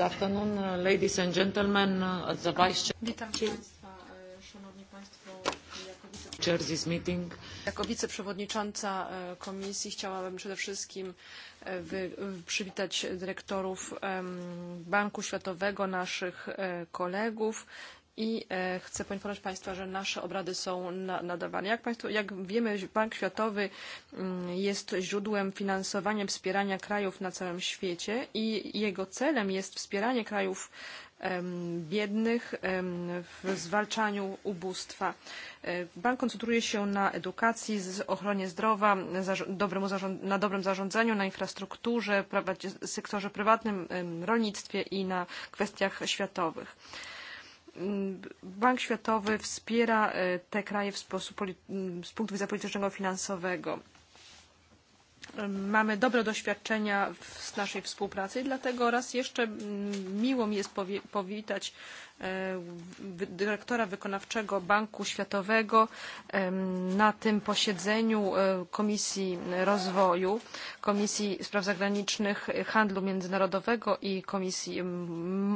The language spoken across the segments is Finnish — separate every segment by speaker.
Speaker 1: Good afternoon, uh, ladies and gentlemen, uh, as the vice
Speaker 2: Witam Państwa, e, Szanowni Państwo,
Speaker 1: jako, wice... this meeting.
Speaker 3: jako wiceprzewodnicząca e, komisji chciałabym przede wszystkim e, przywitać dyrektorów Banku Światowego, naszych kolegów I e, chcę poinformować Państwa, że nasze obrady są nadawane. Jak, państwo, jak wiemy, Bank Światowy mm, jest źródłem finansowania, wspierania krajów na całym świecie i jego celem jest wspieranie krajów biednych w zwalczaniu ubóstwa. E, bank koncentruje się na edukacji, ochronie zdrowia, na dobrym zarządzaniu, na infrastrukturze, prawa, sektorze prywatnym, rolnictwie i na kwestiach światowych. Mm, Bank Światowy wspiera e, te kraje w sposób, mm, z punktu widzenia politycznego finansowego. Mamy dobre doświadczenia z naszej współpracy i dlatego raz jeszcze mm, miło mi jest powitać E, dyrektora wykonawczego Banku Światowego na tym posiedzeniu e, Komisji Rozwoju, Komisji Spraw Zagranicznych, Handlu Międzynarodowego i Komisji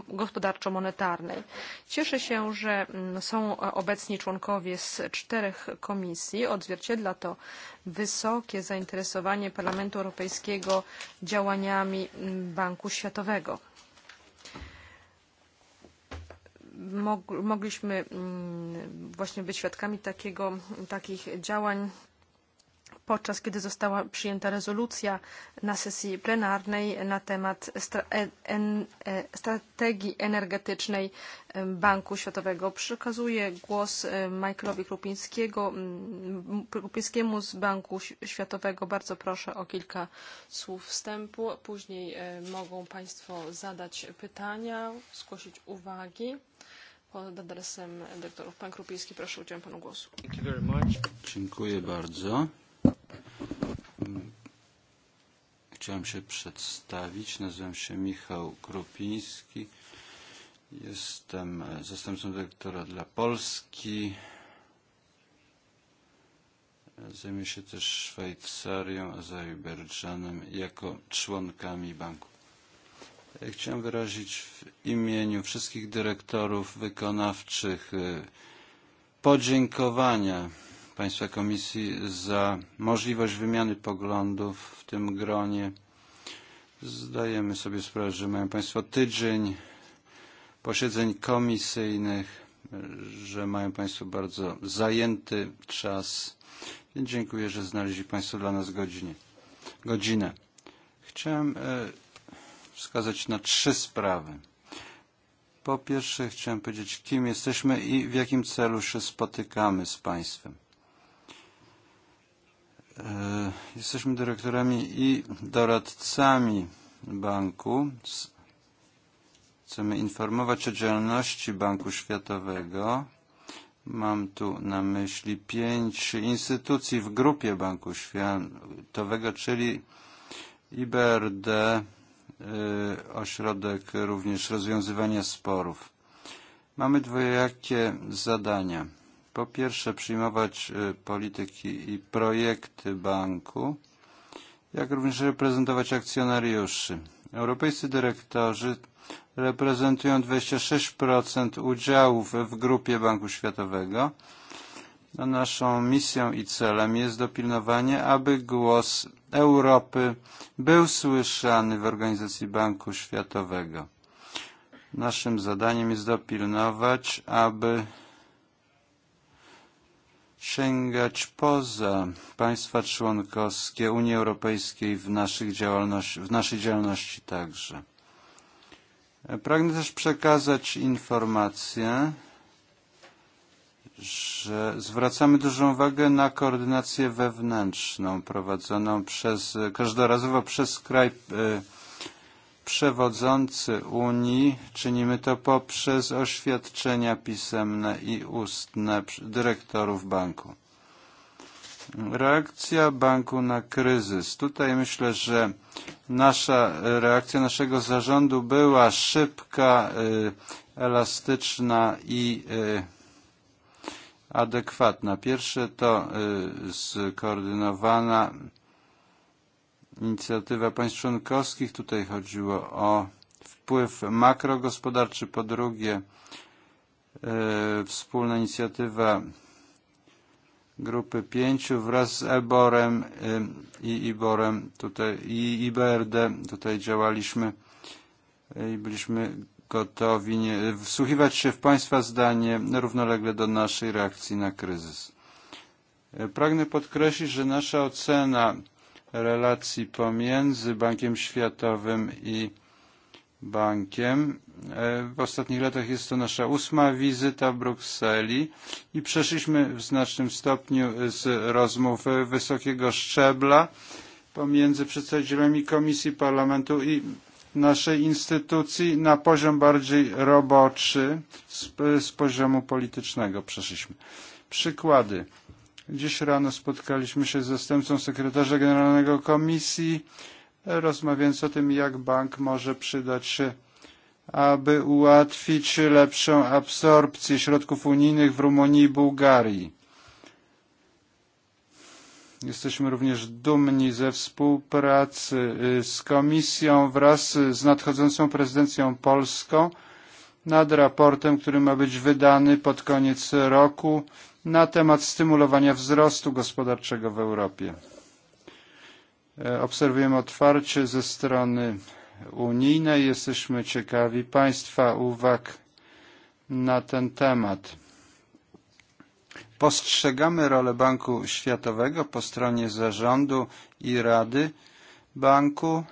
Speaker 3: Gospodarczo-Monetarnej. Cieszę się, że są obecni członkowie z czterech komisji. Odzwierciedla to wysokie zainteresowanie Parlamentu Europejskiego działaniami Banku Światowego mogliśmy mm, właśnie być świadkami takiego, takich działań podczas kiedy została przyjęta rezolucja na sesji plenarnej na temat e, e, strategii energetycznej Banku Światowego. Przekazuję głos e, Michaelowi Krupińskiemu z Banku Światowego. Bardzo proszę o kilka słów wstępu. Później mogą Państwo zadać pytania, zgłosić uwagi. Oddam sam doktorów. Pan Krupiński, proszę udzielam panu głosu.
Speaker 4: Dziękuję bardzo. Chciałem się przedstawić. Nazywam się Michał Krupiński. Jestem zastępcą dyrektora dla Polski. Zajmuję się też Szwajcarią, Azerbejdżanem jako członkami banku Chciałem wyrazić w imieniu wszystkich dyrektorów wykonawczych podziękowania Państwa Komisji za możliwość wymiany poglądów w tym gronie. Zdajemy sobie sprawę, że mają Państwo tydzień posiedzeń komisyjnych, że mają Państwo bardzo zajęty czas. Dziękuję, że znaleźli Państwo dla nas godzinę. Chciałem wskazać na trzy sprawy. Po pierwsze chciałem powiedzieć, kim jesteśmy i w jakim celu się spotykamy z Państwem. E, jesteśmy dyrektorami i doradcami banku. Chcemy informować o działalności Banku Światowego. Mam tu na myśli pięć instytucji w grupie Banku Światowego, czyli IBRD, E, ośrodek również rozwiązywania sporów. Mamy dwojakie zadania. Po pierwsze przyjmować e, polityki i projekty banku, jak również reprezentować akcjonariuszy. Europejscy dyrektorzy reprezentują 26% udziałów w grupie Banku Światowego. A no, naszą misją i celem jest dopilnowanie, aby głos Europy był słyszany w Organizacji Banku Światowego. Naszym zadaniem jest dopilnować, aby sięgać poza państwa członkowskie Unii Europejskiej w, naszych działalności, w naszej działalności także. Pragnę też przekazać informację, że zwracamy dużą uwagę na koordynację wewnętrzną prowadzoną przez, każdorazowo przez kraj przewodzący Unii. Czynimy to poprzez oświadczenia pisemne i ustne dyrektorów banku. Reakcja banku na kryzys. Tutaj myślę, że nasza reakcja naszego zarządu była szybka, elastyczna i adekwatna. Pierwsze to skoordynowana inicjatywa państw członkowskich. Tutaj chodziło o wpływ makrogospodarczy. Po drugie, wspólna inicjatywa grupy pięciu wraz z Eborem i Iborem tutaj, i IBRD. Tutaj działaliśmy i byliśmy gotowi wsłuchiwać się w Państwa zdanie równolegle do naszej reakcji na kryzys. E, pragnę podkreślić, że nasza ocena relacji pomiędzy Bankiem Światowym i bankiem. E, w ostatnich latach jest to nasza ósma wizyta w Brukseli i przeszliśmy w znacznym stopniu z rozmów wysokiego szczebla pomiędzy przedstawicielami Komisji Parlamentu i naszej instytucji na poziom bardziej roboczy z, z poziomu politycznego przeszliśmy. Przykłady. Dziś rano spotkaliśmy się z zastępcą sekretarza generalnego komisji, rozmawiając o tym, jak bank może przydać się, aby ułatwić lepszą absorpcję środków unijnych w Rumunii i Bułgarii Jesteśmy również dumni ze współpracy z Komisją wraz z nadchodzącą prezydencją polską nad raportem, który ma być wydany pod koniec roku na temat stymulowania wzrostu gospodarczego w Europie. E, obserwujemy otwarcie ze strony unijnej. Jesteśmy ciekawi Państwa uwag na ten temat. Postrzegamy rolę Banku Światowego po stronie zarządu i rady banku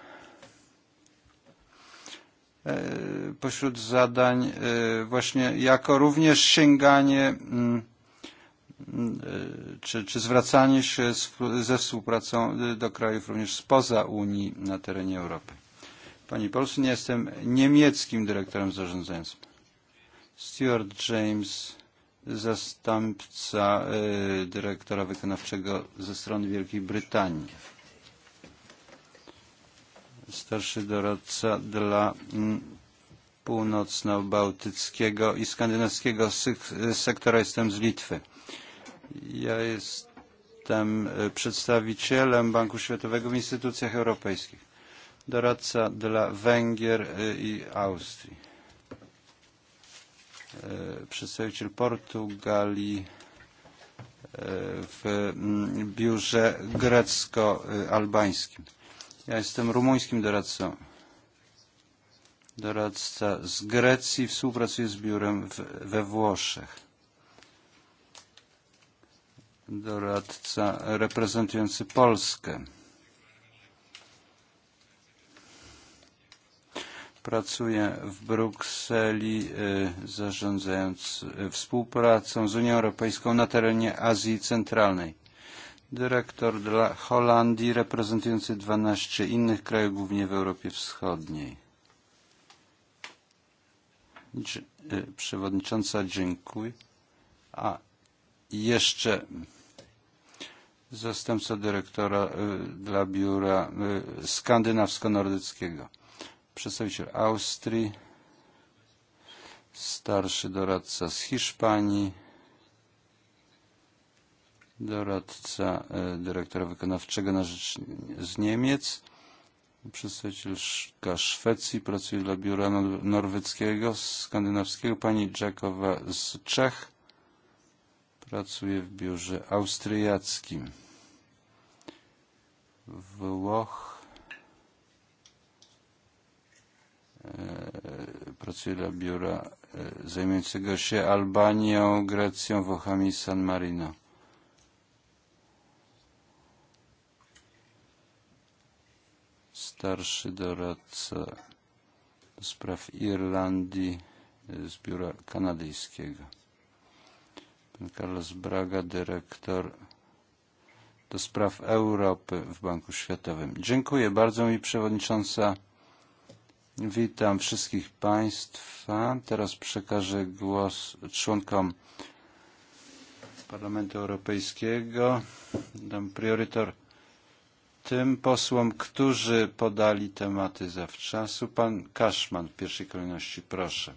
Speaker 4: e, pośród zadań e, właśnie jako również sięganie mm, e, czy, czy zwracanie się z, ze współpracą do krajów również spoza Unii na terenie Europy. Pani Polsyn, jestem niemieckim dyrektorem zarządzającym. Stuart James zastępca dyrektora wykonawczego ze strony Wielkiej Brytanii. Starszy doradca dla mm, północno-bałtyckiego i skandynawskiego sektora jestem z Litwy. Ja jestem przedstawicielem Banku Światowego w instytucjach europejskich. Doradca dla Węgier i Austrii E, przedstawiciel Portugalii e, w mm, biurze grecko-albańskim. Ja jestem rumuńskim doradcą. Doradca z Grecji współpracuje z biurem w, we Włoszech. Doradca reprezentujący Polskę Pracuję w Brukseli, zarządzając współpracą z Unią Europejską na terenie Azji Centralnej. Dyrektor dla Holandii, reprezentujący 12 innych krajów, głównie w Europie Wschodniej. Przewodnicząca, dziękuję. A jeszcze zastępca dyrektora dla biura skandynawsko-nordyckiego przedstawiciel Austrii, starszy doradca z Hiszpanii, doradca e, dyrektora wykonawczego na rzecz z Niemiec, przedstawiciel Szwecji, pracuje dla biura norweskiego, skandynawskiego, pani Jackowa z Czech, pracuje w biurze austriackim. Włoch, E, pracuje dla biura e, zajmującego się Albanią, Grecją, Włochami i San Marino. Starszy doradca do spraw Irlandii e, z biura kanadyjskiego. Pan Carlos Braga, dyrektor do spraw Europy w Banku Światowym. Dziękuję bardzo mi przewodnicząca. Witam wszystkich Państwa. Teraz przekażę głos członkom Parlamentu Europejskiego. Dam priorytor tym posłom, którzy podali tematy zawczasu. Pan Kaszman w pierwszej kolejności, proszę.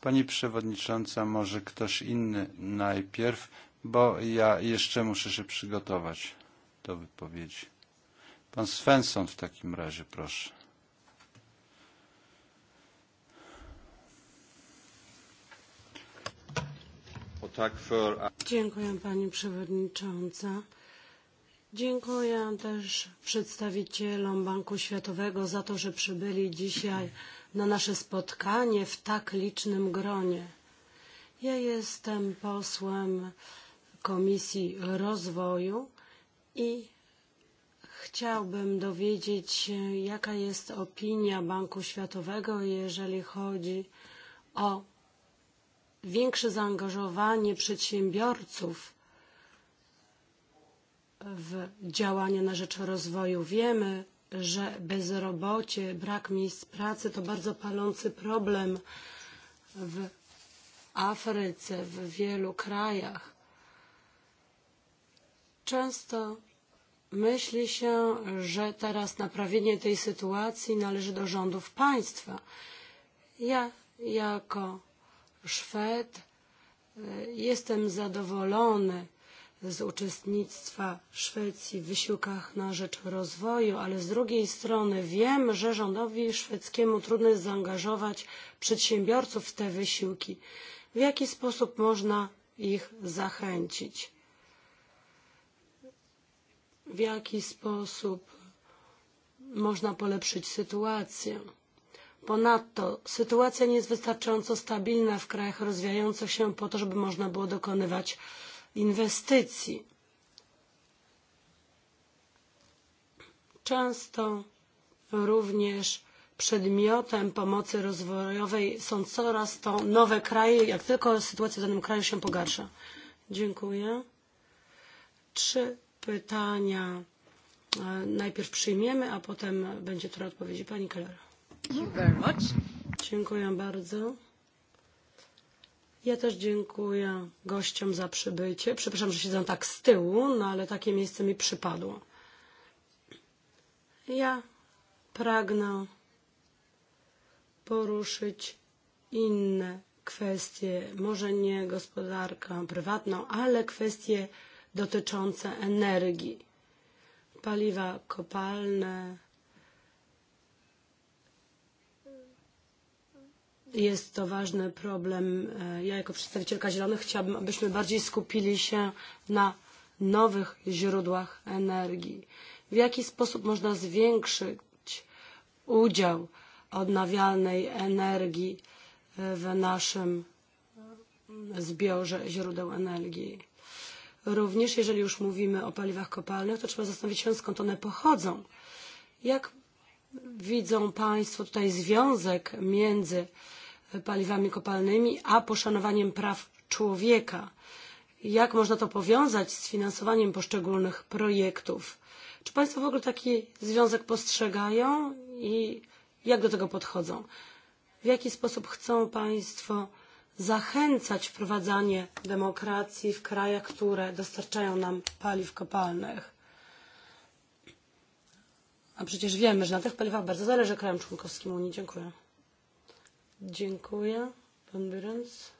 Speaker 4: Pani Przewodnicząca, może ktoś inny najpierw, bo ja jeszcze muszę się przygotować do wypowiedzi. Pan Svensson w takim razie,
Speaker 5: proszę.
Speaker 2: Dziękuję Pani Przewodnicząca. Dziękuję też przedstawicielom Banku Światowego za to, że przybyli dzisiaj na nasze spotkanie w tak licznym gronie. Ja jestem posłem Komisji Rozwoju i chciałbym dowiedzieć się, jaka jest opinia Banku Światowego, jeżeli chodzi o większe zaangażowanie przedsiębiorców w działania na rzecz rozwoju. Wiemy, że bezrobocie, brak miejsc pracy to bardzo palący problem w Afryce, w wielu krajach. Często myśli się, że teraz naprawienie tej sytuacji należy do rządów państwa. Ja jako Szwed. E, jestem zadowolony z uczestnictwa Szwecji w wysiłkach na rzecz rozwoju, ale z drugiej strony wiem, że rządowi szwedzkiemu trudno jest zaangażować przedsiębiorców w te wysiłki. W jaki sposób można ich zachęcić? W jaki sposób można polepszyć sytuację? Ponadto sytuacja nie jest wystarczająco stabilna w krajach rozwijających się po to, żeby można było dokonywać inwestycji. Często również przedmiotem pomocy rozwojowej są coraz to nowe kraje, jak tylko sytuacja w danym kraju się pogarsza. Dziękuję. Trzy pytania e, najpierw przyjmiemy, a potem będzie to odpowiedzi pani Kellera very much. Dziękuję bardzo. Ja też dziękuję gościom za przybycie. Przepraszam, że siedzę tak z tyłu, no ale takie miejsce mi przypadło. Ja pragnę poruszyć inne kwestie, może nie gospodarkę prywatną, ale kwestie dotyczące energii. Paliwa kopalne, Jest to ważny problem. E, ja jako przedstawicielka Zielonych chciałabym, abyśmy bardziej skupili się na nowych źródłach energii. W jaki sposób można zwiększyć udział odnawialnej energii e, w naszym zbiorze źródeł energii. Również jeżeli już mówimy o paliwach kopalnych, to trzeba zastanowić się, skąd one pochodzą. Jak widzą Państwo tutaj związek między paliwami kopalnymi, a poszanowaniem praw człowieka. Jak można to powiązać z finansowaniem poszczególnych projektów? Czy Państwo w ogóle taki związek postrzegają i jak do tego podchodzą? W jaki sposób chcą Państwo zachęcać wprowadzanie demokracji w krajach, które dostarczają nam paliw kopalnych? A przecież wiemy, że na tych paliwach bardzo zależy krajom członkowskim Unii. Dziękuję. Dziękuję. Pan Burens.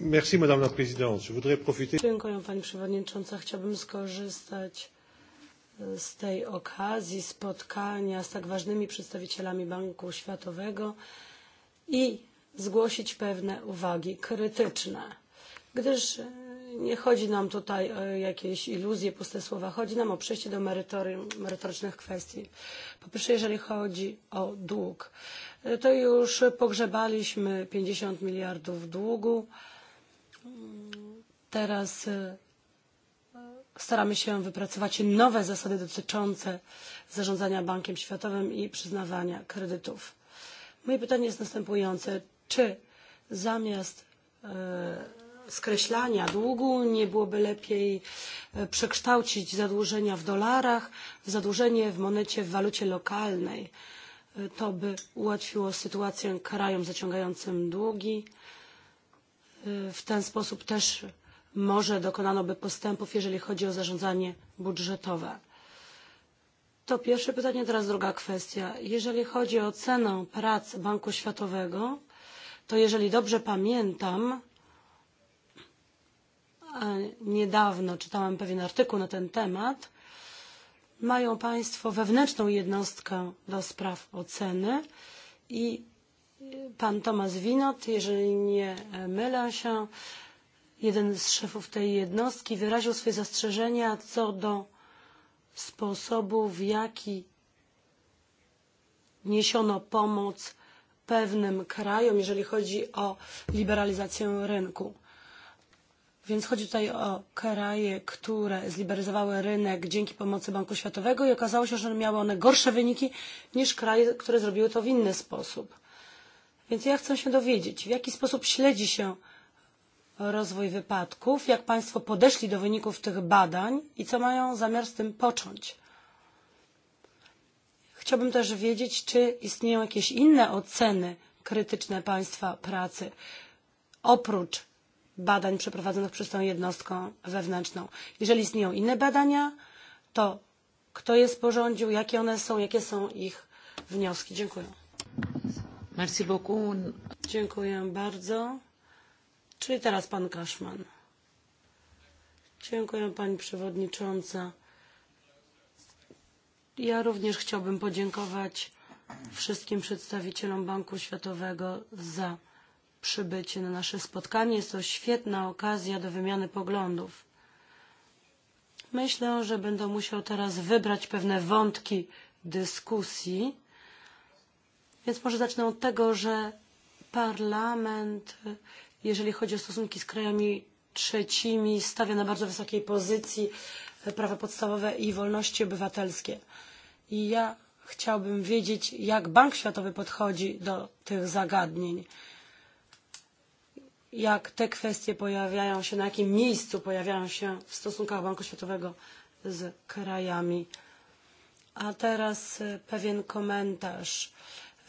Speaker 4: Merci, Madame la Présidente. Je voudrais profiter...
Speaker 2: Dziękuję, Pani Przewodnicząca. Chciałbym skorzystać e, z tej okazji spotkania z tak ważnymi przedstawicielami Banku Światowego i zgłosić pewne uwagi krytyczne, gdyż e, nie chodzi nam tutaj o jakieś iluzje, puste słowa. Chodzi nam o przejście do merytory, merytorycznych kwestii. Po pierwsze, jeżeli chodzi o dług, to już pogrzebaliśmy 50 miliardów długu. Teraz e, staramy się wypracować nowe zasady dotyczące zarządzania Bankiem Światowym i przyznawania kredytów. Moje pytanie jest następujące. Czy zamiast e, skreślania długu, nie byłoby lepiej e, przekształcić zadłużenia w dolarach, w zadłużenie w monecie w walucie lokalnej. E, to by ułatwiło sytuację krajom zaciągającym długi. E, w ten sposób też może dokonano by postępów, jeżeli chodzi o zarządzanie budżetowe. To pierwsze pytanie, teraz druga kwestia. Jeżeli chodzi o cenę prac Banku Światowego, to jeżeli dobrze pamiętam, niedawno czytałam pewien artykuł na ten temat, mają Państwo wewnętrzną jednostkę do spraw oceny i pan Tomasz Winot, jeżeli nie mylę się, jeden z szefów tej jednostki wyraził swoje zastrzeżenia co do sposobu, w jaki niesiono pomoc pewnym krajom, jeżeli chodzi o liberalizację rynku. Więc chodzi tutaj o kraje, które zliberalizowały rynek dzięki pomocy Banku Światowego i okazało się, że miały one gorsze wyniki niż kraje, które zrobiły to w inny sposób. Więc ja chcę się dowiedzieć, w jaki sposób śledzi się rozwój wypadków, jak Państwo podeszli do wyników tych badań i co mają zamiar z tym począć. Chciałbym też wiedzieć, czy istnieją jakieś inne oceny krytyczne Państwa pracy oprócz badań przeprowadzonych przez tą jednostką wewnętrzną. Jeżeli istnieją inne badania, to kto je sporządził, jakie one są, jakie są ich wnioski. Dziękuję.
Speaker 1: Merci beaucoup.
Speaker 2: Dziękuję bardzo. Czyli teraz pan Kaszman. Dziękuję pani przewodnicząca. Ja również chciałbym podziękować wszystkim przedstawicielom Banku Światowego za przybycie na nasze spotkanie. Jest to świetna okazja do wymiany poglądów. Myślę, że będę musiał teraz wybrać pewne wątki dyskusji, więc może zacznę od tego, że parlament, jeżeli chodzi o stosunki z krajami trzecimi, stawia na bardzo wysokiej pozycji prawa podstawowe i wolności obywatelskie. I ja chciałbym wiedzieć, jak Bank Światowy podchodzi do tych zagadnień jak te kwestie pojawiają się, na jakim miejscu pojawiają się w stosunkach Banku Światowego z krajami. A teraz e, pewien komentarz.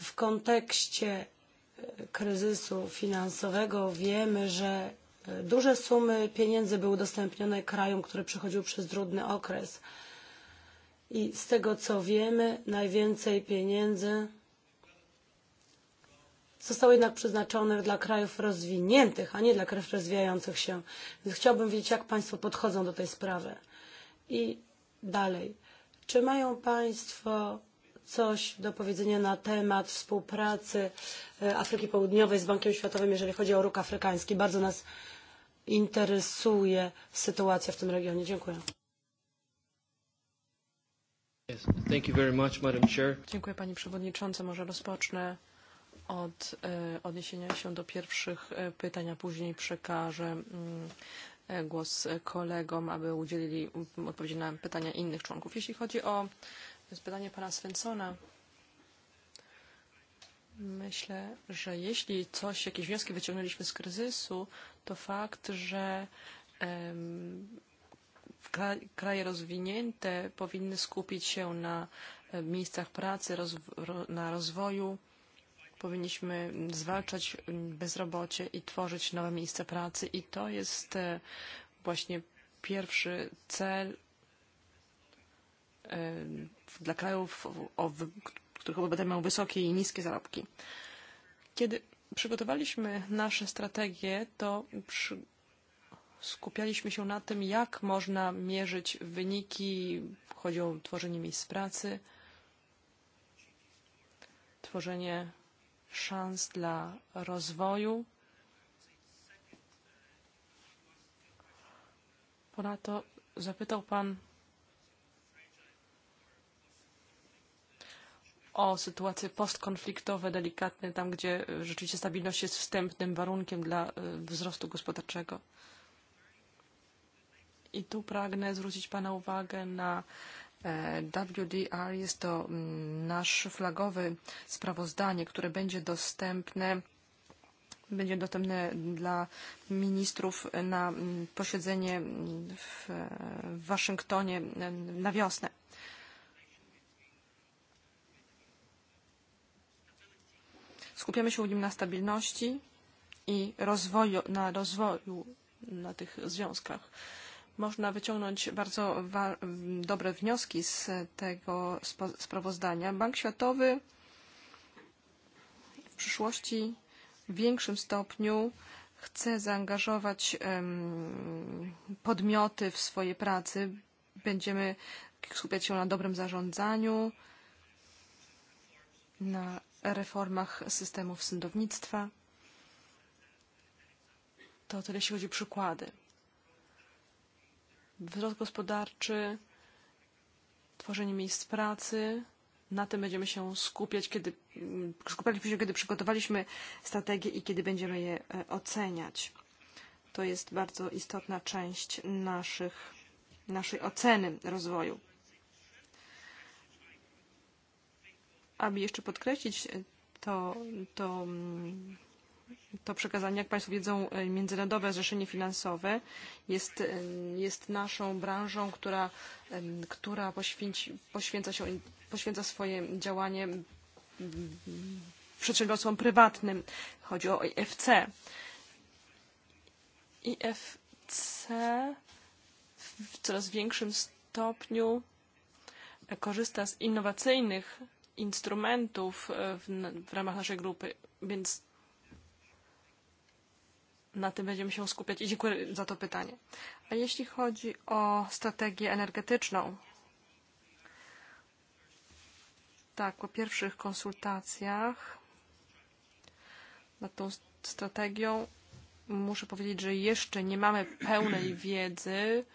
Speaker 2: W kontekście e, kryzysu finansowego wiemy, że e, duże sumy pieniędzy były udostępnione krajom, które przechodziły przez trudny okres. I z tego co wiemy, najwięcej pieniędzy został jednak przeznaczony dla krajów rozwiniętych, a nie dla krajów rozwijających się. Więc chciałbym wiedzieć, jak Państwo podchodzą do tej sprawy. I dalej. Czy mają Państwo coś do powiedzenia na temat współpracy e, Afryki Południowej z Bankiem Światowym, jeżeli chodzi o róg afrykański? Bardzo nas interesuje sytuacja w tym regionie. Dziękuję. Dziękuję Pani Przewodnicząca. Może rozpocznę od
Speaker 3: e, odniesienia się do pierwszych e, pytań, a później przekażę mm, e, głos kolegom, aby udzielili mm, odpowiedzi na pytania innych członków. Jeśli chodzi o pytanie pana Svensona, myślę, że jeśli coś, jakieś wnioski wyciągnęliśmy z kryzysu, to fakt, że kraje rozwinięte powinny skupić się na miejscach pracy, na rozwoju, powinniśmy zwalczać bezrobocie i tworzyć nowe miejsca pracy i to jest e, właśnie pierwszy cel e, dla krajów, o, których obywatele mają wysokie i niskie zarobki. Kiedy przygotowaliśmy nasze strategie, to przy, skupialiśmy się na tym, jak można mierzyć wyniki, chodzi o tworzenie miejsc pracy, tworzenie szans dla rozwoju. Ponadto zapytał Pan o sytuacje postkonfliktowe, delikatne, tam gdzie rzeczywiście stabilność jest wstępnym warunkiem dla e, wzrostu gospodarczego. I tu pragnę zwrócić Pana uwagę na WDR jest to mm, nasz flagowe sprawozdanie, które będzie dostępne będzie dostępne dla ministrów na mm, posiedzenie mm, w Waszyngtonie na wiosnę. Skupiamy się w nim na stabilności i rozwoju, na rozwoju, na tych związkach. Można wyciągnąć bardzo dobre wnioski z tego sprawozdania. Bank Światowy w przyszłości w większym stopniu chce zaangażować podmioty w swoje pracy. Będziemy skupiać się na dobrym zarządzaniu, na reformach systemów sądownictwa. To tyle, jeśli chodzi o przykłady wzrost gospodarczy, tworzenie miejsc pracy. Na tym będziemy się skupiać, kiedy skupialiśmy się, kiedy przygotowaliśmy strategię i kiedy będziemy je e, oceniać. To jest bardzo istotna część naszych, naszej oceny rozwoju. Aby jeszcze podkreślić e, to, to mm, to przekazanie, jak Państwo wiedzą, e, międzynarodowe zrzeszenie finansowe jest, e, jest naszą branżą, która, e, która poświęci, poświęca, się, poświęca swoje działanie przedsiębiorstwom prywatnym. Chodzi o IFC. IFC w coraz większym stopniu korzysta z innowacyjnych instrumentów w, w ramach naszej grupy, więc na tym będziemy się skupiać i dziękuję za to pytanie. A jeśli chodzi o strategię energetyczną, tak, po pierwszych konsultacjach nad tą strategią muszę powiedzieć, że jeszcze nie mamy pełnej wiedzy.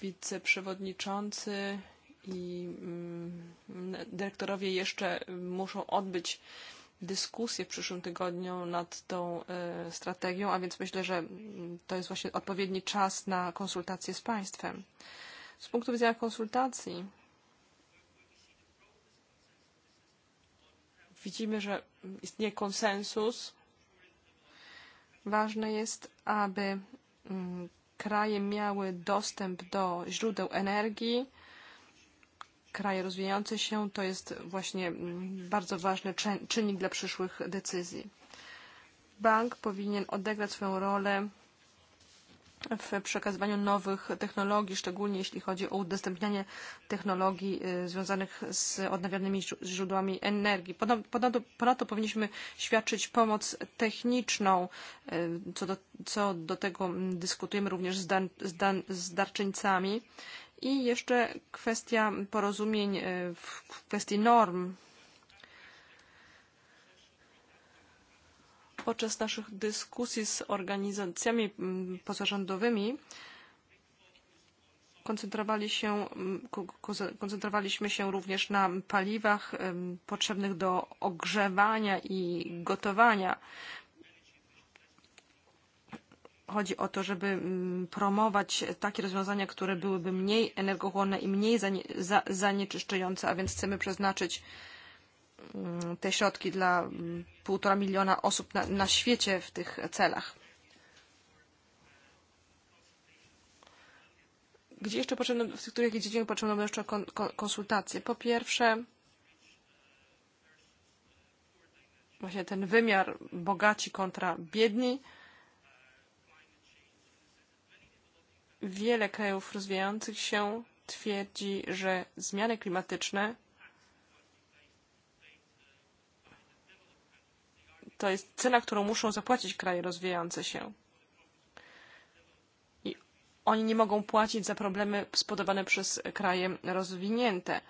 Speaker 3: Wiceprzewodniczący i mm, dyrektorowie jeszcze muszą odbyć dyskusję w przyszłym tygodniu nad tą e, strategią, a więc myślę, że to jest właśnie odpowiedni czas na konsultacje z państwem. Z punktu widzenia konsultacji widzimy, że istnieje konsensus. Ważne jest, aby mm, kraje miały dostęp do źródeł energii, kraje rozwijające się to jest właśnie mm, bardzo ważny czynnik dla przyszłych decyzji. Bank powinien odegrać swoją rolę w przekazywaniu nowych technologii, szczególnie jeśli chodzi o udostępnianie technologii związanych z odnawialnymi źródłami energii. Ponadto, ponadto powinniśmy świadczyć pomoc techniczną, co do, co do tego mm, dyskutujemy również z, dan, z, dan, z darczyńcami I jeszcze kwestia porozumień e, w kwestii norm. Podczas naszych dyskusji z organizacjami mm, pozarządowymi koncentrowali się, mm, koncentrowaliśmy się również na paliwach potrzebnych do ogrzewania i gotowania chodzi o to, żeby mm, promować takie rozwiązania, które byłyby mniej energochłonne i mniej zanieczyszczające, a więc chcemy przeznaczyć mm, te środki dla mm, półtora miliona osób na, na świecie w tych celach. Gdzie jeszcze potrzebne, w których dziedzinach potrzebne jeszcze kon, kon, konsultacje? Po pierwsze, właśnie ten wymiar bogaci kontra biedni. Wiele krajów rozwijających się twierdzi, że zmiany klimatyczne to jest cena, którą muszą zapłacić kraje rozwijające się. I oni nie mogą płacić za problemy spodobane przez kraje rozwinięte.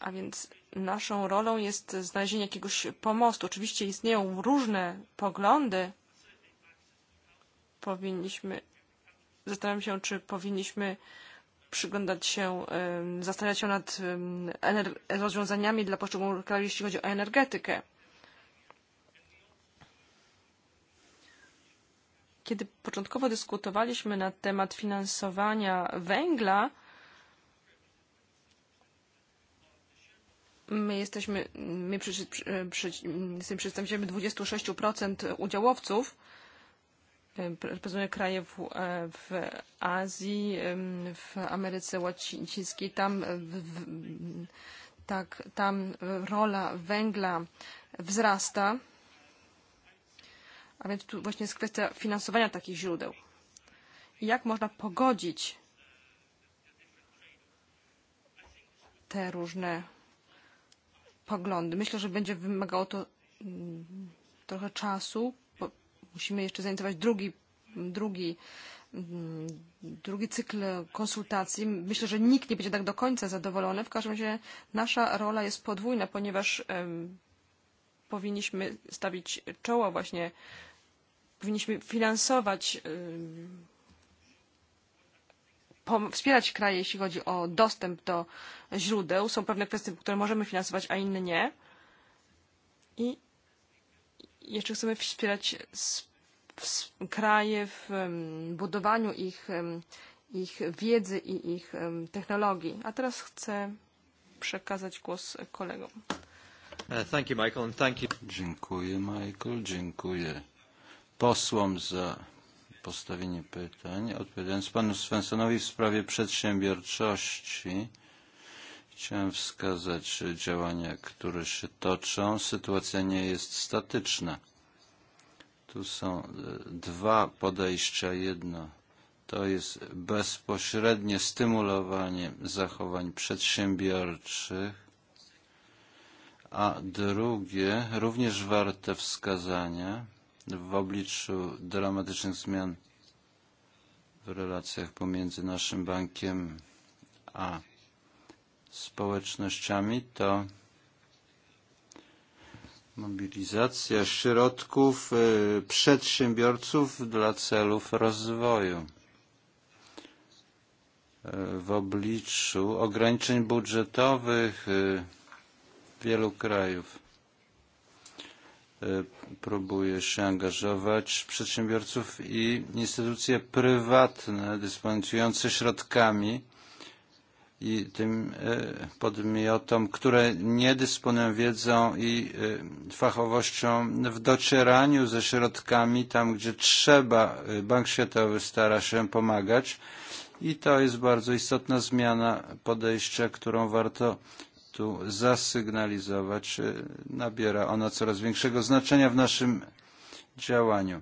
Speaker 3: A więc naszą rolą jest znalezienie jakiegoś pomostu. Oczywiście istnieją różne poglądy. Powinniśmy zastanawiam się, czy powinniśmy przyglądać się, zastanawiać się nad rozwiązaniami dla poszczególnych krajów, jeśli chodzi o energetykę. Kiedy początkowo dyskutowaliśmy na temat finansowania węgla, My jesteśmy, my przy, przy, przy, jesteśmy przedstawicielami 26% udziałowców, reprezentuje kraje w, e, w Azji, w Ameryce Łacińskiej. Tam, e, w, w, tak, tam rola węgla wzrasta, a więc tu właśnie jest kwestia finansowania takich źródeł. I jak można pogodzić te różne poglądy? Myślę, że będzie wymagało to mm, trochę czasu, musimy jeszcze zainteresować drugi, drugi, mm, drugi cykl konsultacji. Myślę, że nikt nie będzie tak do końca zadowolony. W każdym razie nasza rola jest podwójna, ponieważ powinniśmy stawić czoło właśnie, powinniśmy finansować wspierać kraje, jeśli chodzi o dostęp do źródeł. Są pewne kwestie, które możemy finansować, a inne nie. I jeszcze chcemy wspierać kraje w budowaniu ich, ich wiedzy i ich technologii. A teraz chcę przekazać głos kolegom.
Speaker 4: Uh, thank you, Michael, and thank you. Dziękuję, Michael. Dziękuję posłom za postawienie pytań. Odpowiadając panu Svensonowi w sprawie przedsiębiorczości, Chciałem wskazać działania, które się toczą. Sytuacja nie jest statyczna. Tu są e, dwa podejścia. Jedno to jest bezpośrednie stymulowanie zachowań przedsiębiorczych, a drugie, również warte wskazania w obliczu dramatycznych zmian w relacjach pomiędzy naszym bankiem a społecznościami to mobilizacja środków przedsiębiorców dla celów rozwoju. W obliczu ograniczeń budżetowych wielu krajów próbuje się angażować przedsiębiorców i instytucje prywatne dysponujące środkami i tym e, podmiotom, które nie dysponują wiedzą i e, fachowością w docieraniu ze środkami tam, gdzie trzeba. E, Bank Światowy stara się pomagać i to jest bardzo istotna zmiana podejścia, którą warto tu zasygnalizować. Nabiera ona coraz większego znaczenia w naszym działaniu.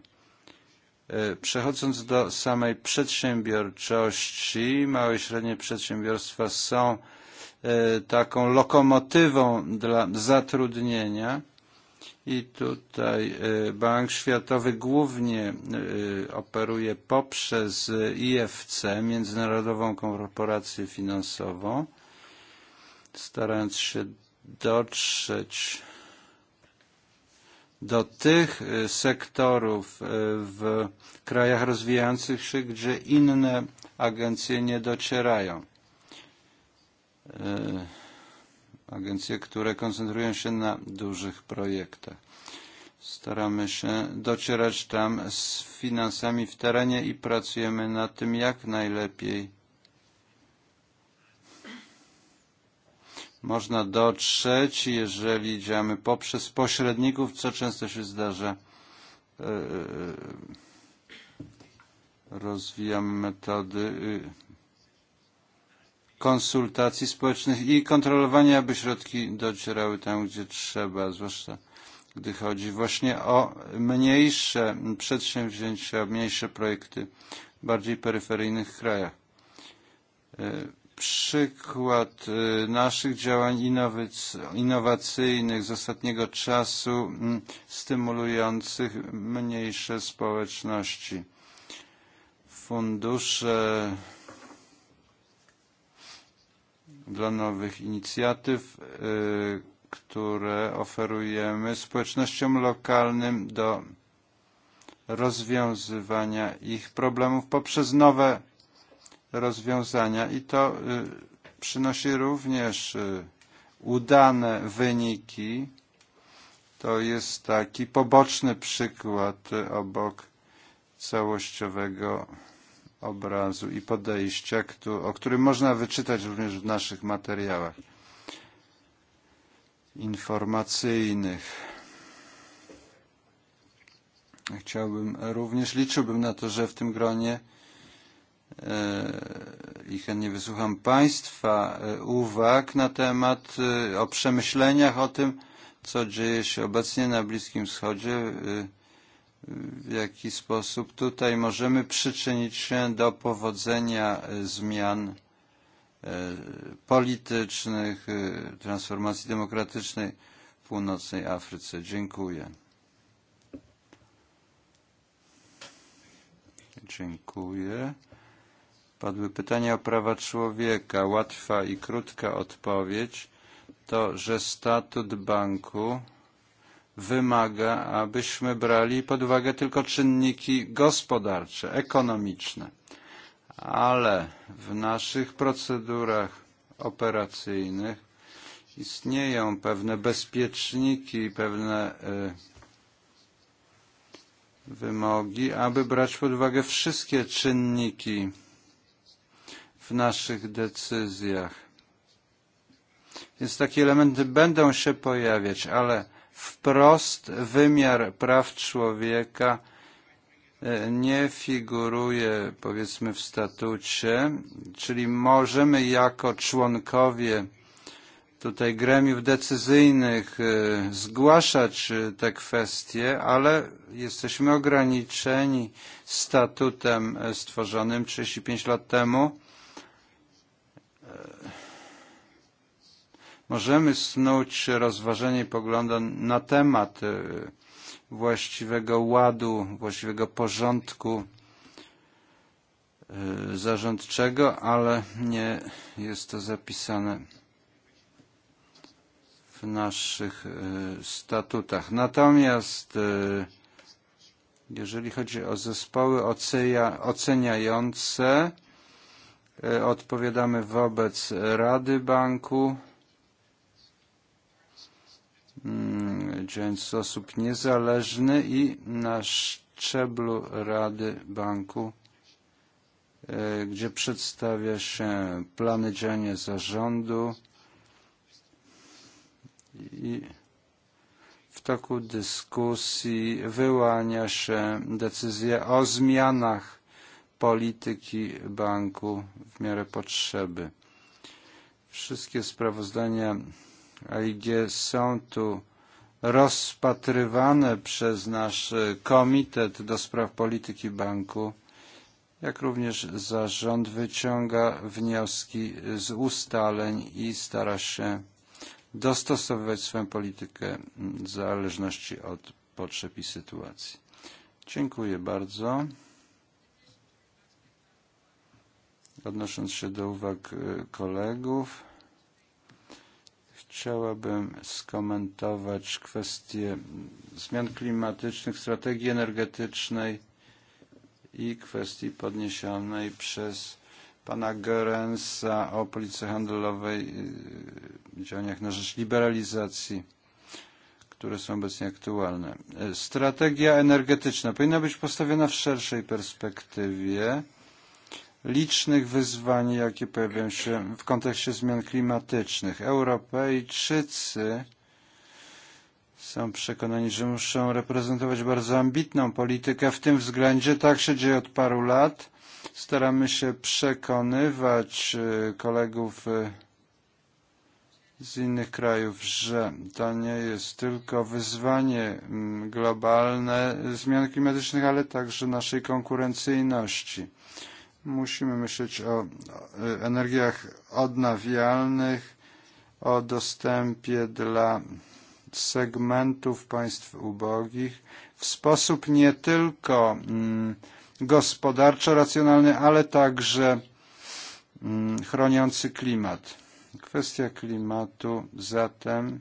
Speaker 4: E, przechodząc do samej przedsiębiorczości, małe i średnie przedsiębiorstwa są e, taką lokomotywą dla zatrudnienia i tutaj e, Bank Światowy głównie operuje poprzez IFC, Międzynarodową Korporację Finansową, starając się dotrzeć do tych e, sektorów e, w krajach rozwijających się, gdzie inne agencje nie docierają. E, agencje, które koncentrują się na dużych projektach. Staramy się docierać tam z finansami w terenie i pracujemy nad tym, jak najlepiej można dotrzeć, jeżeli działamy poprzez pośredników, co często się zdarza. E, e, Rozwijamy metody konsultacji społecznych i kontrolowania, aby środki docierały tam, gdzie trzeba, zwłaszcza gdy chodzi właśnie o mniejsze przedsięwzięcia, mniejsze projekty w bardziej peryferyjnych krajach. E, przykład naszych działań innowacyjnych z ostatniego czasu mm, stymulujących mniejsze społeczności. Fundusze dla nowych inicjatyw, które oferujemy społecznościom lokalnym do rozwiązywania ich problemów poprzez nowe rozwiązania i to przynosi również udane wyniki. To jest taki poboczny przykład obok całościowego obrazu i podejścia, o którym można wyczytać również w naszych materiałach informacyjnych. Chciałbym również, liczyłbym na to, że w tym gronie E, i chętnie wysłucham Państwa e, uwag na temat e, o przemyśleniach o tym, co dzieje się obecnie na Bliskim Wschodzie, w jaki sposób tutaj możemy przyczynić się do powodzenia zmian politycznych, transformacji demokratycznej w północnej Afryce. Dziękuję. Dziękuję. Padły pytania o prawa człowieka. Łatwa i krótka odpowiedź to, że statut banku wymaga, abyśmy brali pod uwagę tylko czynniki gospodarcze, ekonomiczne. Ale w naszych procedurach operacyjnych istnieją pewne bezpieczniki, pewne y, e, wymogi, aby brać pod uwagę wszystkie czynniki w naszych decyzjach. Więc takie elementy będą się pojawiać, ale wprost wymiar praw człowieka e, nie figuruje powiedzmy w statucie, czyli możemy jako członkowie tutaj gremiów decyzyjnych e, zgłaszać e, te kwestie, ale jesteśmy ograniczeni statutem stworzonym 35 lat temu możemy snuć rozważenie poglądu na temat e, właściwego ładu, właściwego porządku e, zarządczego, ale nie jest to zapisane w naszych e, statutach. Natomiast jeżeli chodzi o zespoły ocenia, oceniające, E, odpowiadamy wobec Rady Banku, w mm, sposób niezależny i na szczeblu Rady Banku, e, gdzie przedstawia się plany działania zarządu i w toku dyskusji wyłania się decyzja o zmianach polityki banku w miarę potrzeby. Wszystkie sprawozdania AIG są tu rozpatrywane przez nasz Komitet do Spraw Polityki Banku, jak również zarząd wyciąga wnioski z ustaleń i stara się dostosowywać swoją politykę w zależności od potrzeb i sytuacji. Dziękuję bardzo. odnosząc się do uwag kolegów, chciałabym skomentować kwestię zmian klimatycznych, strategii energetycznej i kwestii podniesionej przez pana Goerensa o polityce handlowej, działaniach na rzecz liberalizacji, które są obecnie aktualne. Strategia energetyczna powinna być postawiona w szerszej perspektywie licznych wyzwań, jakie pojawiają się w kontekście zmian klimatycznych. Europejczycy są przekonani, że muszą reprezentować bardzo ambitną politykę w tym względzie. Tak się dzieje od paru lat. Staramy się przekonywać e, kolegów e, z innych krajów, że to nie jest tylko wyzwanie globalne zmian klimatycznych, ale także naszej konkurencyjności Musimy myśleć o e, energiach odnawialnych, o dostępie dla segmentów państw ubogich w sposób nie tylko mm, gospodarczo racjonalny, ale także mm, chroniący klimat. Kwestia klimatu zatem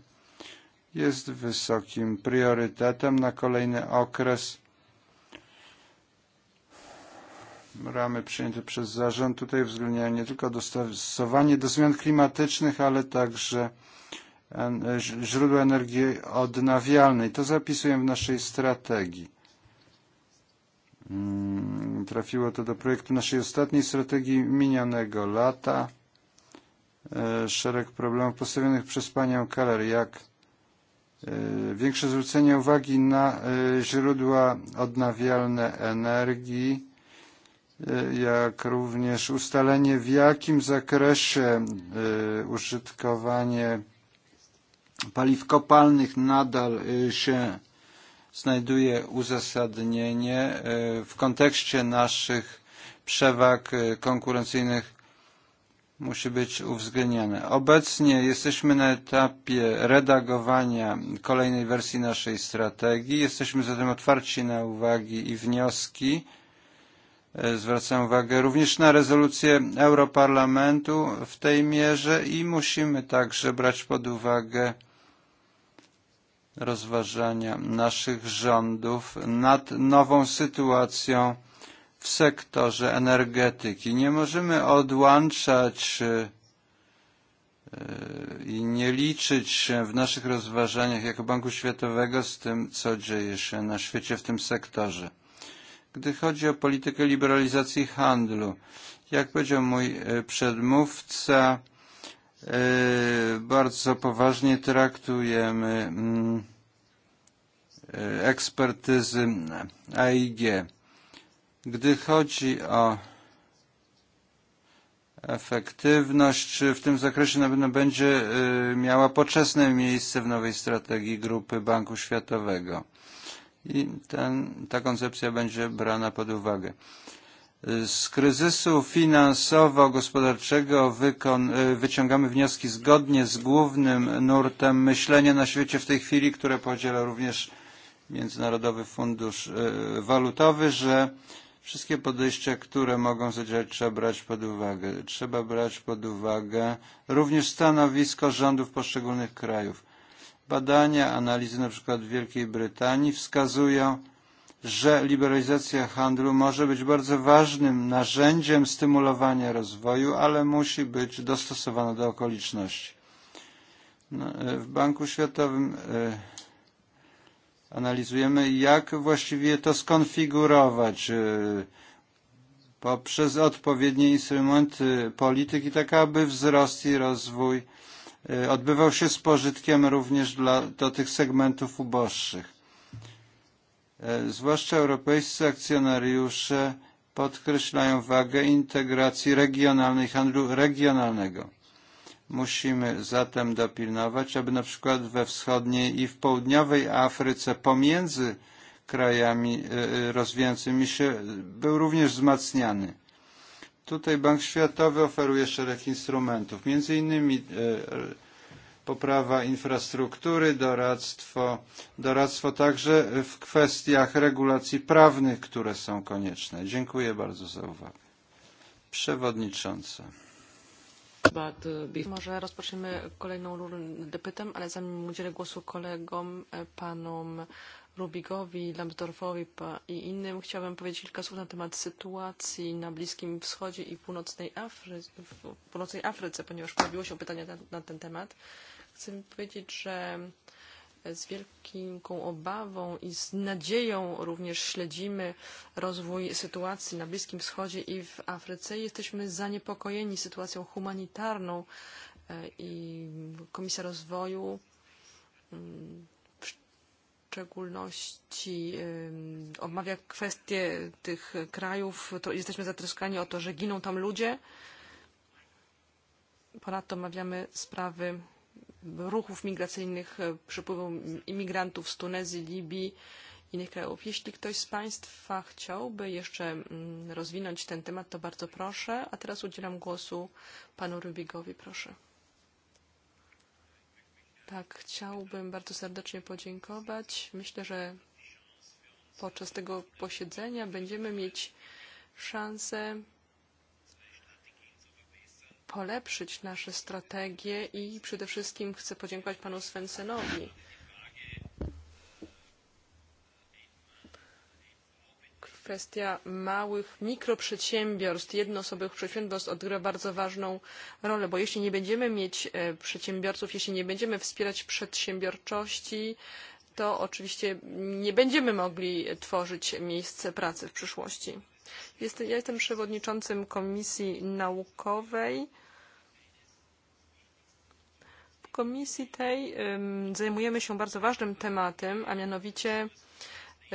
Speaker 4: jest wysokim priorytetem na kolejny okres ramy przyjęte przez zarząd tutaj uwzględniają nie tylko dostosowanie do zmian klimatycznych, ale także źródła energii odnawialnej. To zapisujemy w naszej strategii. Mm, trafiło to do projektu naszej ostatniej strategii minionego lata. E, szereg problemów postawionych przez panią Keller, jak e, większe zwrócenie uwagi na e, źródła odnawialne energii, jak również ustalenie w jakim zakresie e, użytkowanie paliw kopalnych nadal e, się znajduje uzasadnienie e, w kontekście naszych przewag konkurencyjnych musi być uwzględniane. Obecnie jesteśmy na etapie redagowania kolejnej wersji naszej strategii. Jesteśmy zatem otwarci na uwagi i wnioski E, zwracam uwagę również na rezolucję Europarlamentu w tej mierze i musimy także brać pod uwagę rozważania naszych rządów nad nową sytuacją w sektorze energetyki. Nie możemy odłączać e, i nie liczyć się w naszych rozważaniach jako Banku Światowego z tym, co dzieje się na świecie w tym sektorze. Gdy chodzi o politykę liberalizacji handlu, jak powiedział mój e, przedmówca, e, bardzo poważnie traktujemy mm, e, ekspertyzy AIG. Gdy chodzi o efektywność, czy w tym zakresie na pewno będzie miała poczesne miejsce w nowej strategii Grupy Banku Światowego i ten, ta koncepcja będzie brana pod uwagę. Z kryzysu finansowo-gospodarczego wyciągamy wnioski zgodnie z głównym nurtem myślenia na świecie w tej chwili, które podziela również Międzynarodowy Fundusz e, Walutowy, że wszystkie podejścia, które mogą zadziałać, trzeba brać pod uwagę. Trzeba brać pod uwagę również stanowisko rządów poszczególnych krajów. Badania, analizy na przykład w Wielkiej Brytanii wskazują, że liberalizacja handlu może być bardzo ważnym narzędziem stymulowania rozwoju, ale musi być dostosowana do okoliczności. No, e, w Banku Światowym e, analizujemy, jak właściwie to skonfigurować e, poprzez odpowiednie instrumenty polityki, tak aby wzrost i rozwój E, odbywał się z pożytkiem również dla, do tych segmentów uboższych. E, zwłaszcza europejscy akcjonariusze podkreślają wagę integracji regionalnej, handlu regionalnego. Musimy zatem dopilnować, aby na przykład we wschodniej i w południowej Afryce pomiędzy krajami e, rozwijającymi się był również wzmacniany Tutaj Bank Światowy oferuje szereg instrumentów, między innymi e, poprawa infrastruktury, doradztwo, doradztwo także w kwestiach regulacji prawnych, które są konieczne. Dziękuję bardzo za uwagę. Przewodnicząca.
Speaker 3: Może rozpoczniemy kolejną rundę pytań, ale zanim udzielę głosu kolegom, e, panom Rubigowi, Lambdorfowi i innym chciałbym powiedzieć kilka słów na temat sytuacji na Bliskim Wschodzie i Północnej, Afry, w Północnej Afryce, ponieważ pojawiło się pytanie na, na ten temat. Chcę powiedzieć, że z wielką obawą i z nadzieją również śledzimy rozwój sytuacji na Bliskim Wschodzie i w Afryce. Jesteśmy zaniepokojeni sytuacją humanitarną e, i Komisja Rozwoju mm, szczególności omawia kwestie tych krajów, to jesteśmy zatroskani o to, że giną tam ludzie. Ponadto omawiamy sprawy ruchów migracyjnych, e, przypływu imigrantów z Tunezji, Libii, i innych krajów. Jeśli ktoś z Państwa chciałby jeszcze mm, rozwinąć ten temat, to bardzo proszę. A teraz udzielam głosu panu Rubigowi, proszę. Tak, chciałbym bardzo serdecznie podziękować. Myślę, że podczas tego posiedzenia będziemy mieć szansę polepszyć nasze strategie i przede wszystkim chcę podziękować panu Svensenowi kwestia małych mikroprzedsiębiorstw, jednoosobowych przedsiębiorstw odgrywa bardzo ważną rolę, bo jeśli nie będziemy mieć e, przedsiębiorców, jeśli nie będziemy wspierać przedsiębiorczości, to oczywiście nie będziemy mogli tworzyć miejsc pracy w przyszłości. Jest, ja jestem przewodniczącym Komisji Naukowej. W komisji tej um, zajmujemy się bardzo ważnym tematem, a mianowicie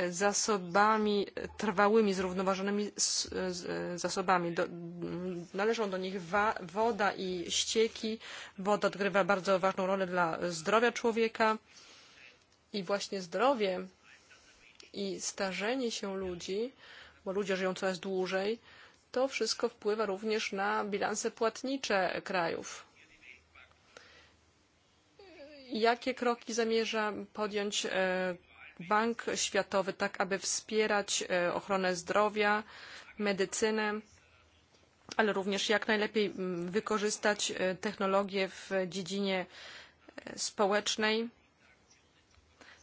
Speaker 3: zasobami trwałymi, zrównoważonymi zasobami. Do, należą do nich wa, woda i ścieki. Woda odgrywa bardzo ważną rolę dla zdrowia człowieka i właśnie zdrowie i starzenie się ludzi, bo ludzie żyją coraz dłużej, to wszystko wpływa również na bilanse płatnicze krajów. Jakie kroki zamierza podjąć e, Bank Światowy, tak aby wspierać e, ochronę zdrowia, medycynę, ale również jak najlepiej wykorzystać e, technologie w dziedzinie e, społecznej,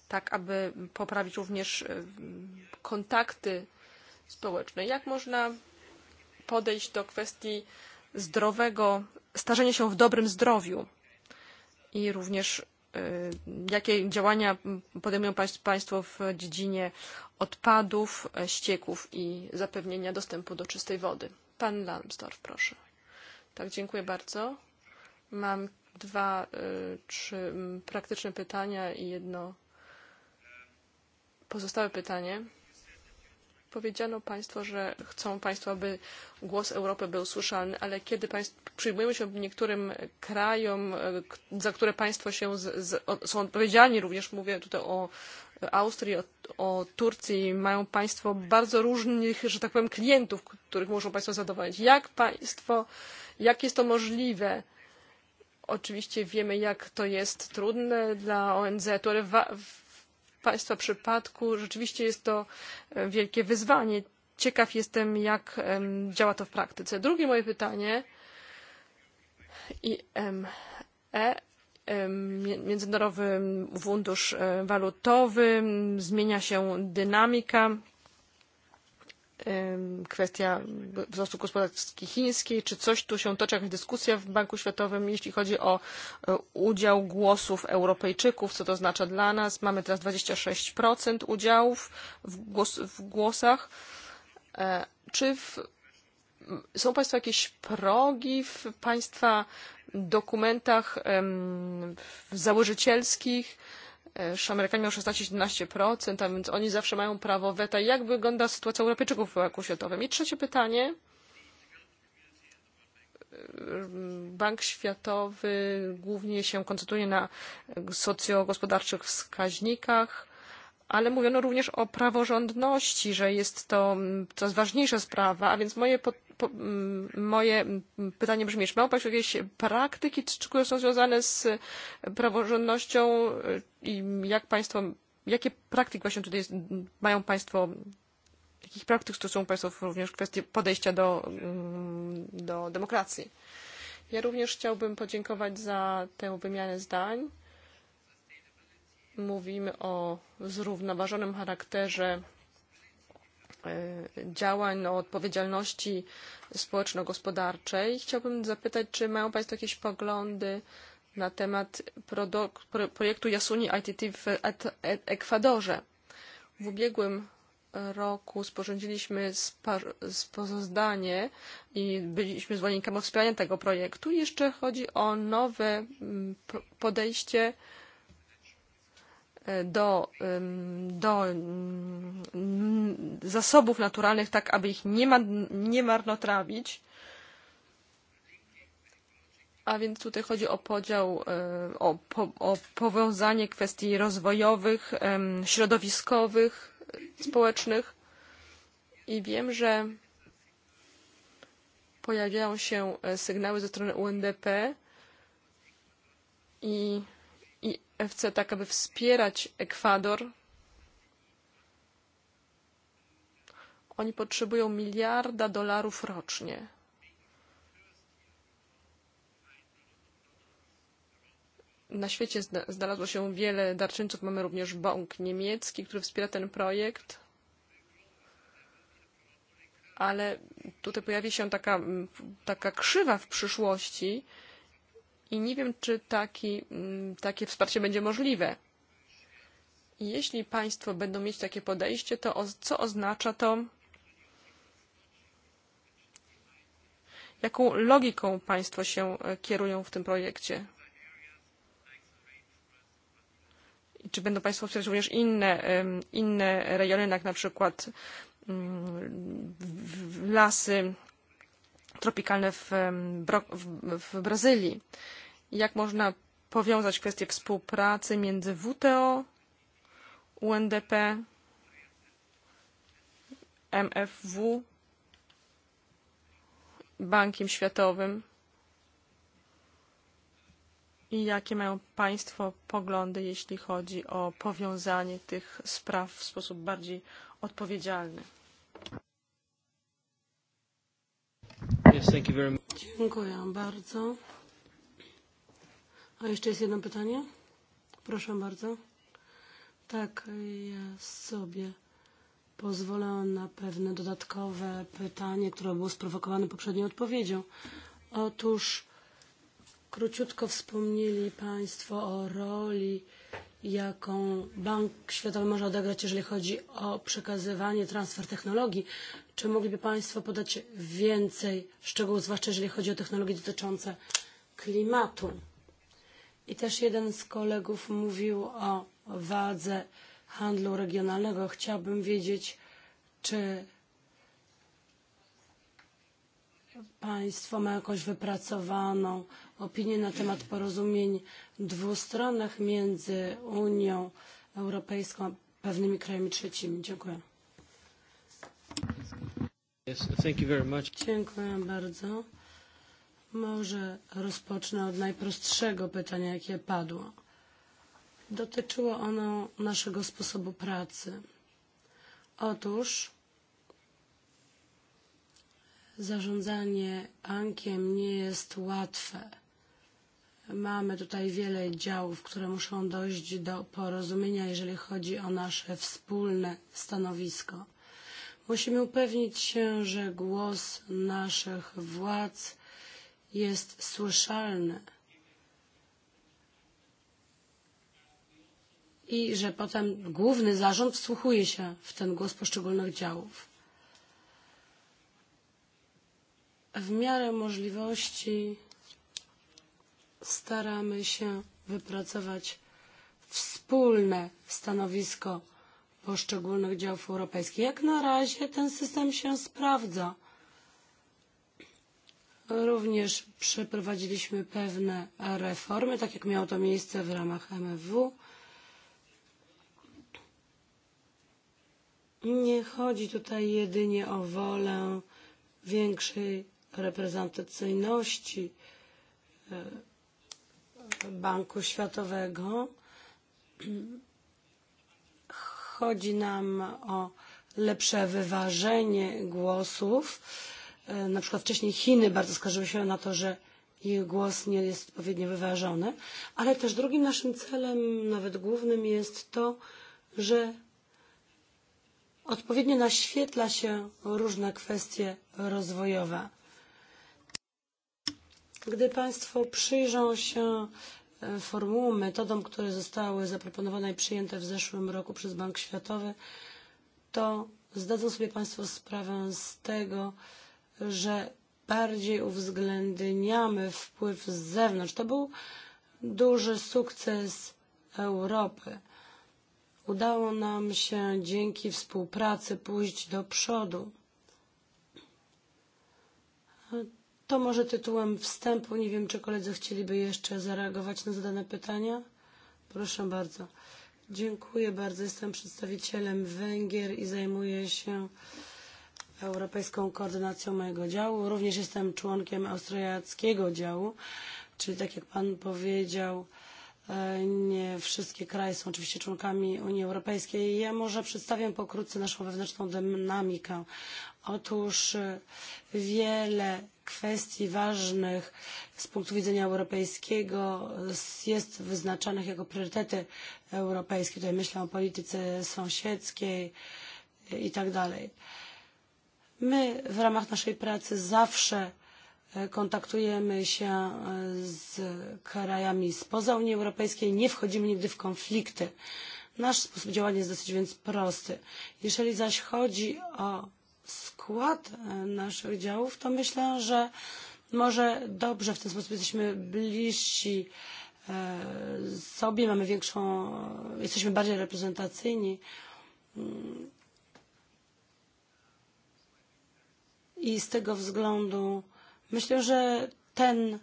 Speaker 3: tak aby poprawić również kontakty społeczne. Jak można podejść do kwestii zdrowego, starzenia się w dobrym zdrowiu i również jakie działania podejmują Państwo w dziedzinie odpadów, ścieków i zapewnienia dostępu do czystej wody. Pan Lambsdorff, proszę. Tak, dziękuję bardzo. Mam dwa, trzy praktyczne pytania i jedno pozostałe pytanie. Powiedziano Państwo, że chcą Państwo, aby głos Europy był słyszalny, ale kiedy państw, przyjmujemy się niektórym krajom, e, za które Państwo się z, z, są odpowiedzialni, również mówię tutaj o Austrii, o, o Turcji, mają Państwo bardzo różnych, że tak powiem, klientów, których muszą Państwo zadowolić. Jak Państwo, jak jest to możliwe? Oczywiście wiemy, jak to jest trudne dla ONZ, ale wa, Państwa przypadku rzeczywiście jest to e, wielkie wyzwanie. Ciekaw jestem, jak działa to w praktyce. Drugie moje pytanie. IME Międzynarodowy Fundusz e, Walutowy, zmienia się dynamika kwestia wzrostu gospodarki chińskiej, czy coś tu się toczy, jakaś dyskusja w Banku Światowym, jeśli chodzi o e, udział głosów Europejczyków, co to oznacza dla nas. Mamy teraz 26% udziałów w, głos, w głosach. E, czy w, są Państwo jakieś progi w Państwa dokumentach w założycielskich? E, Amerykanie mają 16-17%, a więc oni zawsze mają prawo weta. Jak wygląda sytuacja Europejczyków w Banku Światowym? I trzecie pytanie. E, Bank Światowy głównie się koncentruje na socjogospodarczych wskaźnikach ale mówiono również o praworządności, że jest to mm, coraz ważniejsza sprawa, a więc moje, po, po, mm, moje mm, pytanie brzmi, czy mają Państwo jakieś praktyki, które są związane z praworządnością i jak Państwo, jakie praktyki właśnie tutaj mają Państwo, jakich praktyk stosują Państwo również w kwestii podejścia do, do demokracji? Ja również chciałbym podziękować za tę wymianę zdań. Mówimy o zrównoważonym charakterze e, działań o no, odpowiedzialności społeczno-gospodarczej. Chciałbym zapytać, czy mają Państwo jakieś poglądy na temat projektu Yasuni ITT w e-, Ekwadorze. W ubiegłym roku sporządziliśmy sprawozdanie i byliśmy zwolennikami wspierania tego projektu. Jeszcze chodzi o nowe podejście do, do mm, zasobów naturalnych, tak aby ich nie, ma, nie marnotrawić. A więc tutaj chodzi o podział, e, o, po, o powiązanie kwestii rozwojowych, środowiskowych, społecznych. I wiem, że pojawiają się e, sygnały ze strony UNDP i FC tak, aby wspierać Ekwador. Oni potrzebują miliarda dolarów rocznie. Na świecie znalazło się wiele darczyńców. Mamy również bank niemiecki, który wspiera ten projekt ale tutaj pojawi się taka, taka krzywa w przyszłości, i nie wiem, czy taki, mm, takie wsparcie będzie możliwe. Jeśli państwo będą mieć takie podejście, to o, co oznacza to? Jaką logiką państwo się e, kierują w tym projekcie? I czy będą państwo wspierać również inne, inne rejony, jak na przykład mm, lasy tropikalne w, w, w Brazylii? jak można powiązać kwestie współpracy między WTO, UNDP, MFW, Bankiem Światowym i jakie mają Państwo poglądy, jeśli chodzi o powiązanie tych spraw w sposób bardziej odpowiedzialny.
Speaker 6: Yes, thank you very much.
Speaker 2: Dziękuję bardzo. A jeszcze jest jedno pytanie? Proszę bardzo. Tak, ja sobie pozwolę na pewne dodatkowe pytanie, które było sprowokowane poprzednią odpowiedzią. Otóż króciutko wspomnieli Państwo o roli, jaką Bank Światowy może odegrać, jeżeli chodzi o przekazywanie, transfer technologii. Czy mogliby Państwo podać więcej szczegółów, zwłaszcza jeżeli chodzi o technologie dotyczące klimatu? I też jeden z kolegów mówił o wadze handlu regionalnego. Chciałbym wiedzieć, czy państwo ma jakąś wypracowaną opinię na temat porozumień dwustronnych między Unią Europejską a pewnymi krajami trzecimi. Dziękuję.
Speaker 6: Yes, thank you very much.
Speaker 2: Dziękuję bardzo. Może rozpocznę od najprostszego pytania, jakie padło. Dotyczyło ono naszego sposobu pracy. Otóż zarządzanie Ankiem nie jest łatwe. Mamy tutaj wiele działów, które muszą dojść do porozumienia, jeżeli chodzi o nasze wspólne stanowisko. Musimy upewnić się, że głos naszych władz jest słyszalny. I że potem główny zarząd wsłuchuje się w ten głos poszczególnych działów. W miarę możliwości staramy się wypracować wspólne stanowisko poszczególnych działów europejskich. Jak na razie ten system się sprawdza Również przeprowadziliśmy pewne reformy, tak jak miało to miejsce w ramach MFW. Nie chodzi tutaj jedynie o wolę większej reprezentacyjności e, Banku Światowego. Chodzi nam o lepsze wyważenie głosów E, na przykład wcześniej Chiny bardzo skarżyły się na to, że ich głos nie jest odpowiednio wyważony, ale też drugim naszym celem, nawet głównym jest to, że odpowiednio naświetla się różne kwestie rozwojowe. Gdy Państwo przyjrzą się e, formułom, metodom, które zostały zaproponowane i przyjęte w zeszłym roku przez Bank Światowy, to zdadzą sobie Państwo sprawę z tego, że bardziej uwzględniamy wpływ z zewnątrz. To był duży sukces Europy. Udało nam się dzięki współpracy pójść do przodu. To może tytułem wstępu. Nie wiem, czy koledzy chcieliby jeszcze zareagować na zadane pytania. Proszę bardzo. Dziękuję bardzo. Jestem przedstawicielem Węgier i zajmuję się Europejską Koordynacją mojego działu. Również jestem członkiem austriackiego działu, czyli tak jak Pan powiedział, e, nie wszystkie kraje są oczywiście członkami Unii Europejskiej. Ja może przedstawię pokrótce naszą wewnętrzną dynamikę. Otóż e, wiele kwestii ważnych z punktu widzenia europejskiego jest wyznaczanych jako priorytety europejskie. Tutaj myślę o polityce sąsiedzkiej i tak dalej. My w ramach naszej pracy zawsze e, kontaktujemy się e, z krajami spoza Unii Europejskiej, nie wchodzimy nigdy w konflikty. Nasz sposób działania jest dosyć więc prosty. Jeżeli zaś chodzi o skład e, naszych działów, to myślę, że może dobrze w ten sposób jesteśmy bliżsi sobie, mamy większą, jesteśmy bardziej reprezentacyjni mm, I z tego względu myślę, że ten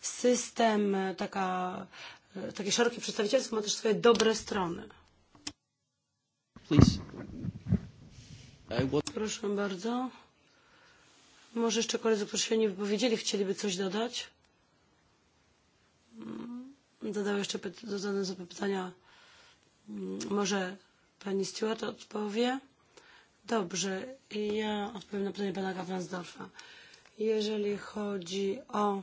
Speaker 2: system, taka, takie szerokie przedstawicielstwo ma też swoje dobre strony. Proszę bardzo. Może jeszcze koledzy, którzy się nie wypowiedzieli, chcieliby coś dodać? Mm, Dodał jeszcze zadane pytania. Mm, może pani Stewart odpowie? Dobrze, ja odpowiem na pytanie pana Kawansdorfa. Jeżeli chodzi o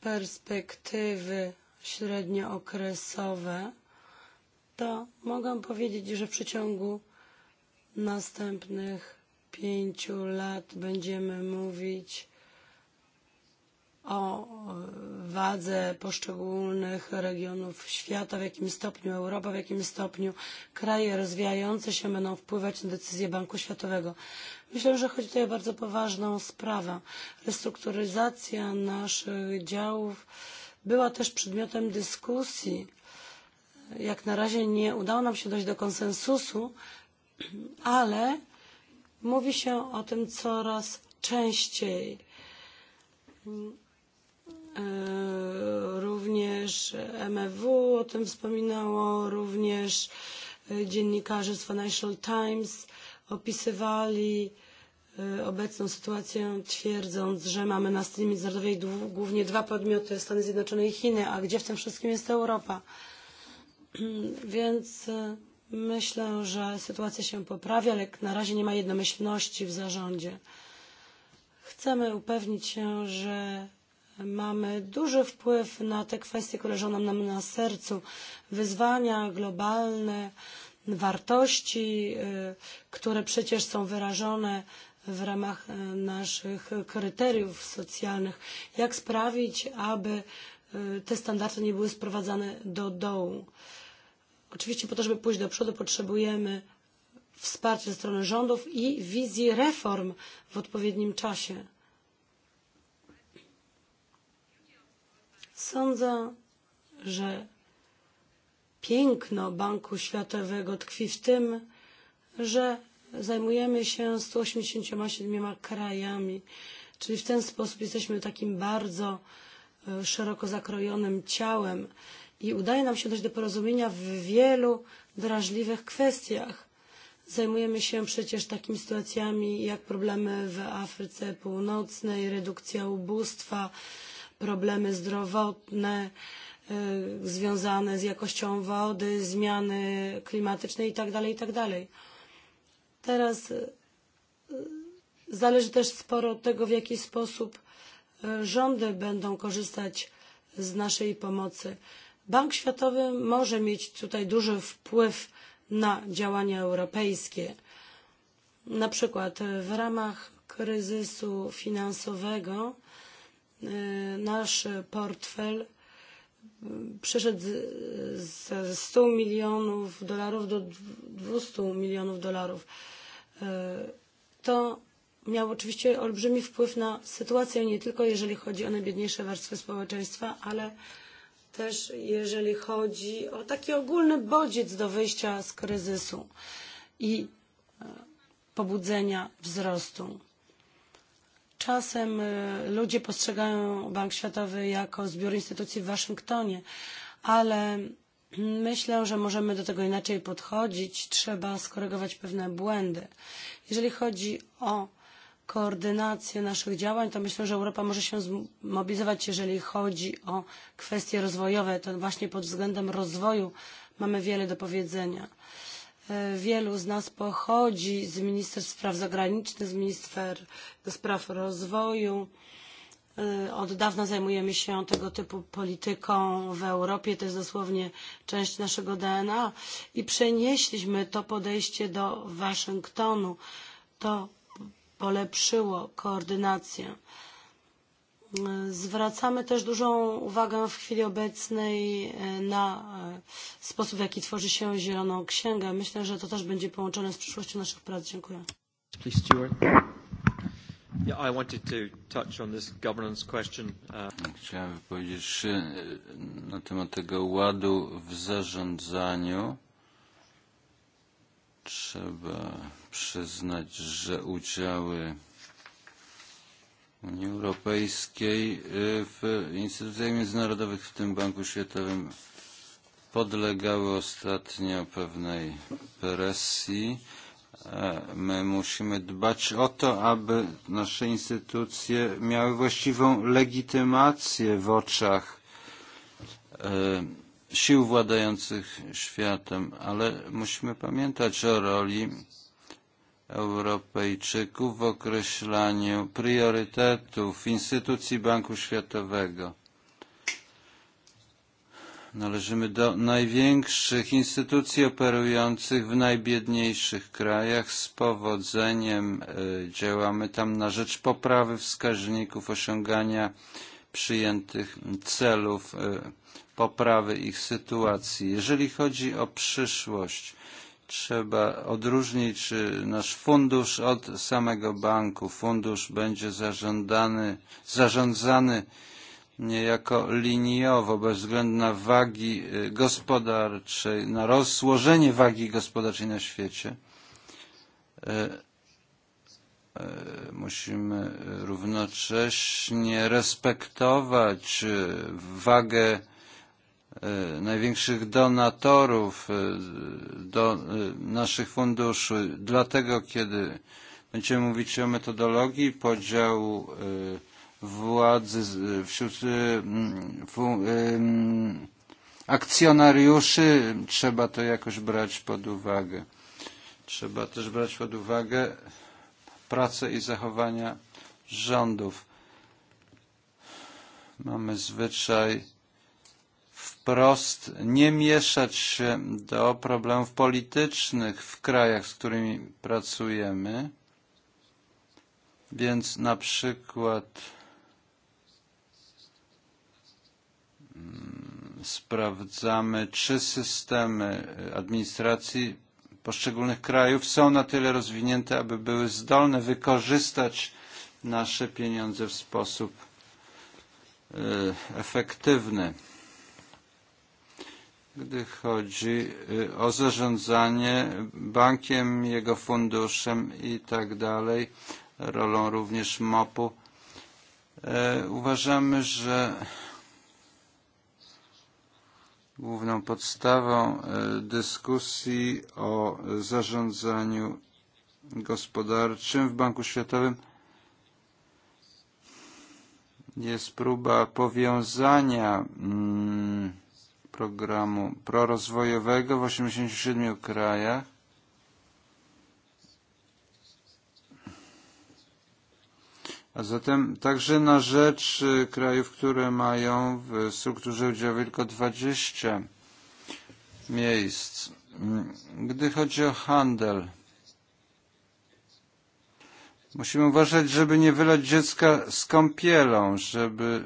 Speaker 2: perspektywy średniookresowe, to mogę powiedzieć, że w przeciągu następnych pięciu lat będziemy mówić o wadze poszczególnych regionów świata, w jakim stopniu Europa, w jakim stopniu kraje rozwijające się będą wpływać na decyzje Banku Światowego. Myślę, że chodzi tutaj o bardzo poważną sprawę. Restrukturyzacja naszych działów była też przedmiotem dyskusji. Jak na razie nie udało nam się dojść do konsensusu, ale mówi się o tym coraz częściej E, również MFW o tym wspominało, również e, dziennikarze z Financial Times opisywali e, obecną sytuację, twierdząc, że mamy na scenie międzynarodowej głównie dwa podmioty, Stany Zjednoczone i Chiny, a gdzie w tym wszystkim jest Europa? Więc myślę, że sytuacja się poprawia, ale na razie nie ma jednomyślności w zarządzie. Chcemy upewnić się, że mamy duży wpływ na te kwestie, które leżą nam na sercu, wyzwania globalne, wartości, które przecież są wyrażone w ramach naszych kryteriów socjalnych. Jak sprawić, aby te standardy nie były sprowadzane do dołu? Oczywiście po to, żeby pójść do przodu, potrzebujemy wsparcia ze strony rządów i wizji reform w odpowiednim czasie. Sądzę, że piękno Banku Światowego tkwi w tym, że zajmujemy się 187 krajami, czyli w ten sposób jesteśmy takim bardzo e, szeroko zakrojonym ciałem i udaje nam się dojść do porozumienia w wielu drażliwych kwestiach. Zajmujemy się przecież takimi sytuacjami jak problemy w Afryce Północnej, redukcja ubóstwa, problemy zdrowotne związane z jakością wody, zmiany klimatyczne itd. itd. Teraz zależy też sporo od tego, w jaki sposób rządy będą korzystać z naszej pomocy. Bank Światowy może mieć tutaj duży wpływ na działania europejskie. Na przykład w ramach kryzysu finansowego nasz portfel przeszedł ze 100 milionów dolarów do 200 milionów dolarów. To miał oczywiście olbrzymi wpływ na sytuację, nie tylko jeżeli chodzi o najbiedniejsze warstwy społeczeństwa, ale też jeżeli chodzi o taki ogólny bodziec do wyjścia z kryzysu i pobudzenia wzrostu. Czasem e, ludzie postrzegają Bank Światowy jako zbiór instytucji w Waszyngtonie, ale Myślę, że możemy do tego inaczej podchodzić. Trzeba skorygować pewne błędy. Jeżeli chodzi o koordynację naszych działań, to myślę, że Europa może się zmobilizować, jeżeli chodzi o kwestie rozwojowe. To właśnie pod względem rozwoju mamy wiele do powiedzenia. E, wielu z nas pochodzi z Ministerstw Spraw Zagranicznych, z do Spraw Rozwoju. E, od dawna zajmujemy się tego typu polityką w Europie. To jest dosłownie część naszego DNA i przenieśliśmy to podejście do Waszyngtonu. To polepszyło koordynację. Zwracamy też dużą uwagę w chwili obecnej e, na e, sposób, w jaki tworzy się Zieloną Księgę. Myślę, że to też będzie połączone z przyszłością naszych prac. Dziękuję.
Speaker 6: Please, Stuart.
Speaker 4: Yeah, I wanted to touch on this governance question. Uh, Chciałem wypowiedzieć e, na temat tego ładu w zarządzaniu. Trzeba przyznać, że udziały Unii Europejskiej w instytucjach międzynarodowych, w tym Banku Światowym, podlegały ostatnio pewnej presji. E, my musimy dbać o to, aby nasze instytucje miały właściwą legitymację w oczach e, sił władających światem, ale musimy pamiętać o roli Europejczyków w określaniu priorytetów instytucji Banku Światowego. Należymy do największych instytucji operujących w najbiedniejszych krajach. Z powodzeniem działamy tam na rzecz poprawy wskaźników osiągania przyjętych celów, poprawy ich sytuacji. Jeżeli chodzi o przyszłość, trzeba odróżnić nasz fundusz od samego banku. Fundusz będzie zarządzany, zarządzany niejako liniowo, bez względu na wagi gospodarczej, na rozłożenie wagi gospodarczej na świecie. Musimy równocześnie respektować wagę E, największych donatorów e, do e, naszych funduszy. Dlatego, kiedy będziemy mówić o metodologii podziału władzy wśród akcjonariuszy, trzeba to jakoś brać pod uwagę. Trzeba też brać pod uwagę pracę i zachowania rządów. Mamy zwyczaj wprost nie mieszać się do problemów politycznych w krajach, z którymi pracujemy. Więc na przykład mm, sprawdzamy, czy systemy administracji poszczególnych krajów są na tyle rozwinięte, aby były zdolne wykorzystać nasze pieniądze w sposób efektywny gdy chodzi o zarządzanie bankiem, jego funduszem i tak dalej, rolą również MOP-u. Uważamy, że główną podstawą dyskusji o zarządzaniu gospodarczym w Banku Światowym jest próba powiązania mm, programu prorozwojowego w 87 krajach. A zatem także na rzecz krajów, które mają w strukturze udziału tylko 20 miejsc. Mm, gdy chodzi o handel, musimy uważać, żeby nie wylać dziecka z kąpielą, żeby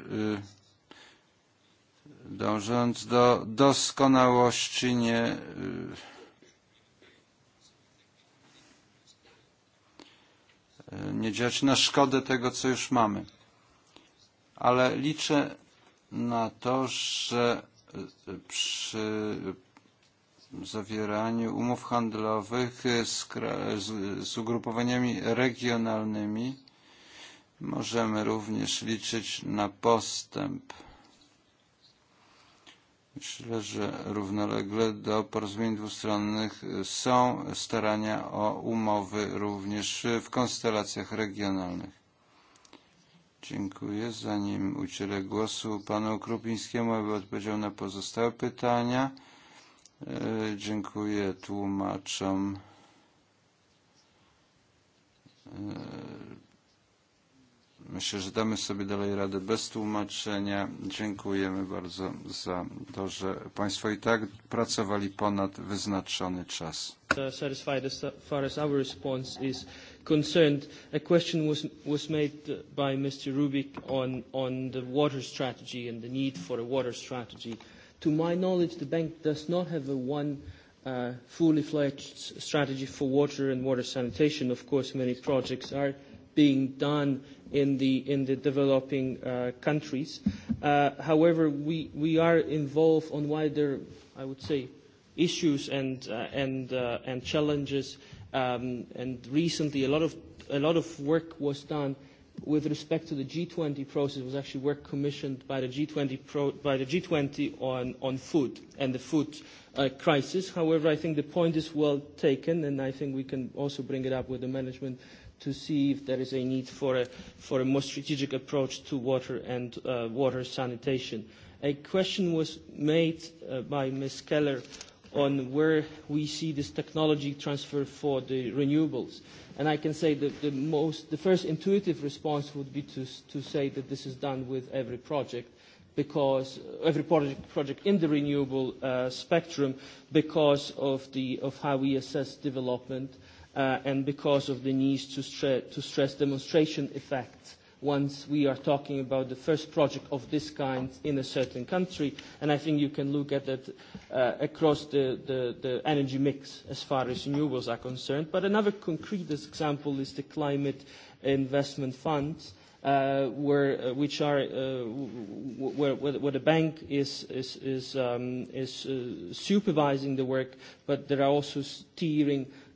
Speaker 4: dążąc do doskonałości, nie nie działać na szkodę tego, co już mamy. Ale liczę na to, że przy zawieraniu umów handlowych z, z, z ugrupowaniami regionalnymi możemy również liczyć na postęp. Myślę, że równolegle do porozumień dwustronnych są starania o umowy również w konstelacjach regionalnych. Dziękuję. Zanim udzielę głosu panu Krupińskiemu, aby odpowiedział na pozostałe pytania, e, dziękuję tłumaczom e, Myślę, że damy sobie dalej radę bez tłumaczenia. Dziękujemy bardzo za to, że Państwo i tak pracowali ponad wyznaczony czas.
Speaker 6: Satisfied as far as our response is concerned. A question was, was made by Mr. Rubik on, on the water strategy and the need for a water strategy. To my knowledge, the bank does not have a one uh, fully fledged strategy for water and water sanitation. Of course, many projects are being done in the in the developing uh, countries. Uh, however, we we are involved on wider, I would say, issues and uh, and uh, and challenges. Um, and recently, a lot of a lot of work was done with respect to the G20 process. It was actually work commissioned by the G20 pro, by the G20 on on food and the food. A uh, crisis. However, I think the point is well taken, and I think we can also bring it up with the management uh, to see if there is a need for a, for a more strategic approach to water and uh, water sanitation. A question was made uh, by Ms. Keller on where we see this technology transfer for the renewables. And I can say that the, most, the first intuitive response would be to, to say that this is done with every project because uh, every project, project in the renewable uh, spectrum because of, the, of how we assess development uh, uh, and because of the need to, stre- to stress demonstration effect once we are talking about the first project of this kind in a certain country. And I think you can look at that uh, across the, the, the energy mix as far as renewables are concerned. But another concrete example is the climate investment funds. Uh, where uh, which are uh, where, where the bank is is is, um, is uh, supervising the work, but there are also steering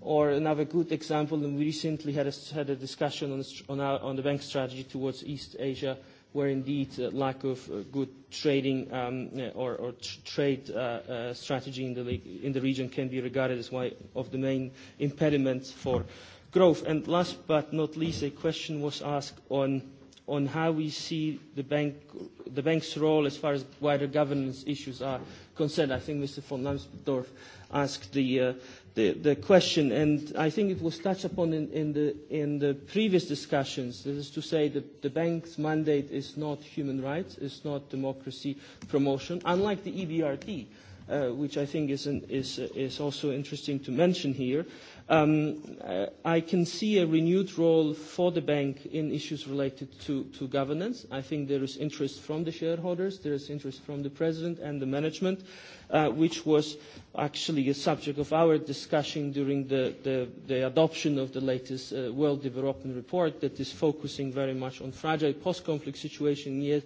Speaker 6: Or another good example, and we recently had a, had a discussion on, on, our, on the bank strategy towards East Asia, where indeed uh, lack of uh, good trading um, uh, or, or tr trade uh, uh, strategy in the, in the region can be regarded as one of the main impediments for growth. And last but not least, a question was asked on on how we see the, bank, the bank's role as far as wider governance issues are concerned. I think Mr. von Lambsdorff asked the, uh, the, the question, and I think it was touched upon in, in, the, in the previous discussions. That is to say that the bank's mandate is not human rights, it's not democracy promotion, unlike the EBRD, uh, which I think is, an, is, uh, is also interesting to mention here. Um, uh, I can see a renewed role for the bank in issues related to, to governance. I think there is interest from the shareholders, there is interest from the president and the management, uh, which was actually a subject of our discussion during the, the, the adoption of the latest uh, World Development Report that is focusing very much on fragile post-conflict situation, yet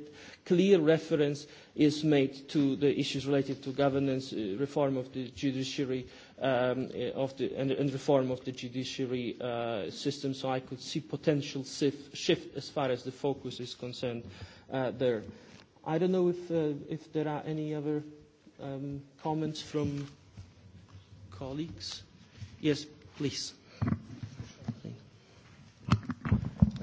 Speaker 6: clear reference is made to the issues related to governance, uh, reform of the judiciary, um, eh, of the, and, and reform of the judiciary uh, system, so I could see potential sif, shift as far as the focus is concerned uh, there. I don't know if, uh, if there are any other um, comments from colleagues. Yes, please.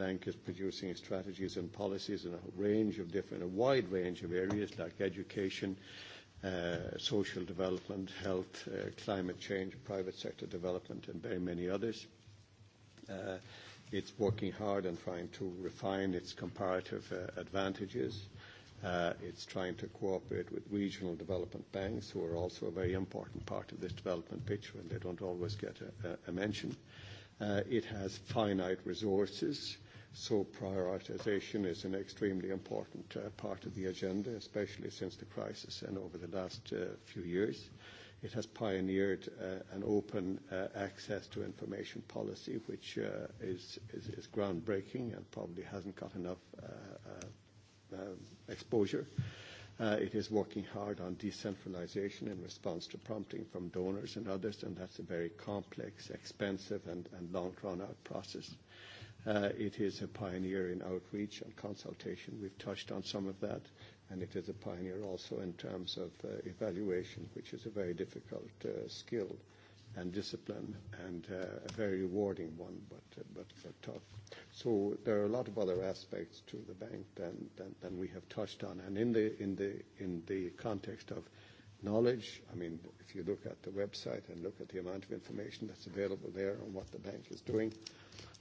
Speaker 5: Bank is producing strategies and policies in a range of different, a wide range of areas like education, uh, social development, health, uh, climate change, private sector development, and very many others. Uh, it's working hard and trying to refine its comparative uh, advantages. Uh, it's trying to cooperate with regional development banks, who are also a very important part of this development picture, and they don't always get a, a mention. Uh, it has finite resources. So prioritization is an extremely important uh, part of the agenda, especially since the crisis and over the last uh, few years. It has pioneered uh, an open uh, access to information policy, which uh, is, is, is groundbreaking and probably hasn't got enough uh, uh, um, exposure. Uh, it is working hard on decentralization in response to prompting from donors and others, and that's a very complex, expensive, and, and long drawn out process. Uh, Uh, it is a pioneer in outreach and consultation. We've touched on some of that, and it is a pioneer also in terms of uh, evaluation, which is a very difficult uh, skill and discipline and uh, a very rewarding one, but, uh, but, but tough. So there are a lot of other aspects to the bank than, than, than we have touched on. And in the, in, the, in the context of knowledge, I mean, if you look at the website and look at the amount of information that's available there on what the bank is doing,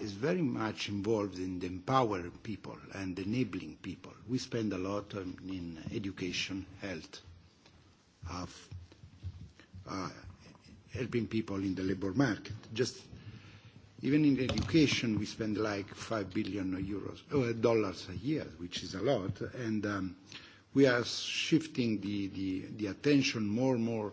Speaker 7: is very much involved in the empowering people and enabling people. We spend a lot on, in education, health, of uh, helping people in the labor market. Just even in education, we spend like five billion euros, uh, dollars a year, which is a lot, and um, we are shifting the, the, the attention more and more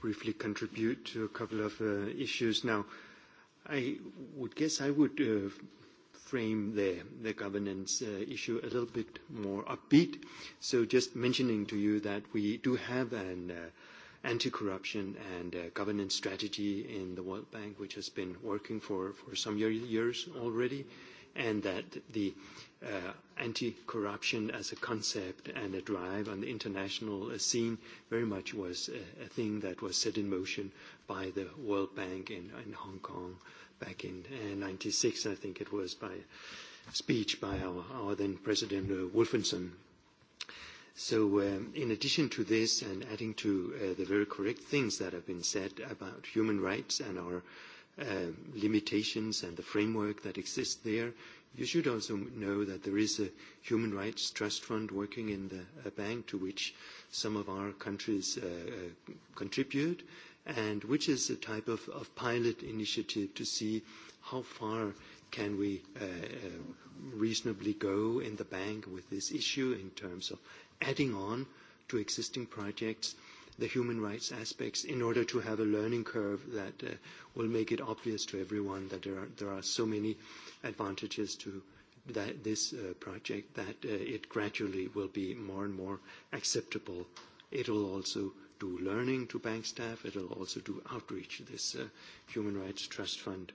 Speaker 8: briefly contribute to a couple of uh, issues. Now, I would guess I would uh, frame the, the governance uh, issue a little bit more upbeat. So just mentioning to you that we do have an anti-corruption and governance strategy in the World Bank, which has been working for, for some years already and that the uh, anti-corruption as a concept and a drive on the international scene very much was a, a thing that was set in motion by the World Bank in, in Hong Kong back in uh, 96, I think it was, by a speech by our, our then President uh, Wolfenson. So um, in addition to this and adding to uh, the very correct things that have been said about human rights and our Uh, limitations and the framework that exists there. You should also know that there is a human rights trust fund working in the a bank to which some of our countries uh, uh, contribute, and which is a type of, of pilot initiative to see how far can we uh, uh, reasonably go in the bank with this issue in terms of adding on to existing projects the human rights aspects in order to have a learning curve that uh, will make it obvious to everyone that there are, there are so many advantages to that, this uh, project that uh, it gradually will be more and more acceptable. It will also do learning to bank staff. It will also do outreach, this uh, Human Rights Trust Fund.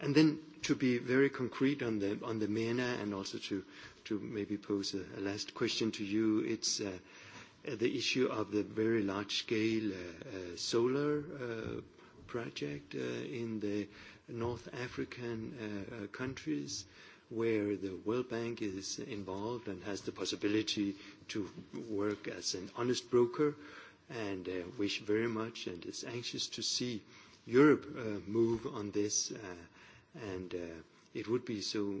Speaker 8: And then to be very concrete on the, on the MENA and also to, to maybe pose a, a last question to you, it's uh, Uh, the issue of the very large-scale uh, uh, solar project in the North African countries, where the World Bank is involved and has the possibility to work as an honest broker, and wish very much and is anxious to see Europe move on this. and It would be so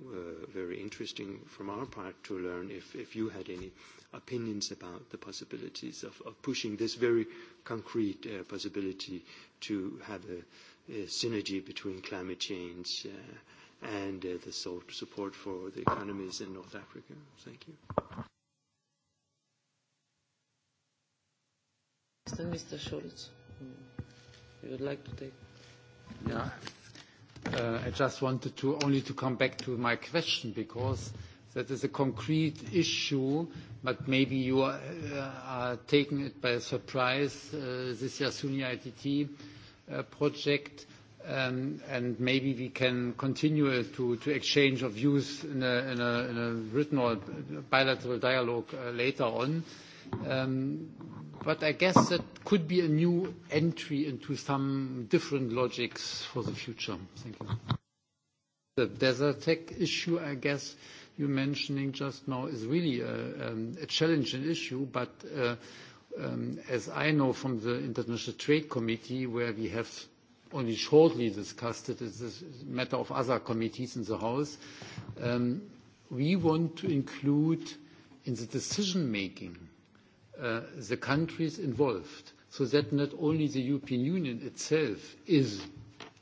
Speaker 8: very interesting from our part to learn if if you had any opinions about the possibilities of, of pushing this very concrete uh, possibility to have a, a synergy between climate change uh, and uh, the sort of support for the economies in North Africa. Thank you.
Speaker 1: Mr. Schulz, hmm, you would like
Speaker 6: to take?
Speaker 9: Yeah. Uh, I just wanted to only to come back to my question because That is a concrete issue, but maybe you are, uh, taking it by surprise, uh, this Yasuni ITT uh, project. Um, and maybe we can continue to, exchange of views in a, written or bilateral dialogue later on. Um, but I guess that could be a new entry into some different logics for the future. Thank you. The Desertec issue, I guess, you mentioning just now is really a, um, challenging issue, but uh, um, as I know from the International Trade Committee, where we have only shortly discussed it, as a matter of other committees in the House, um, we want to include in the decision-making uh, the countries involved, so that not only the European Union itself is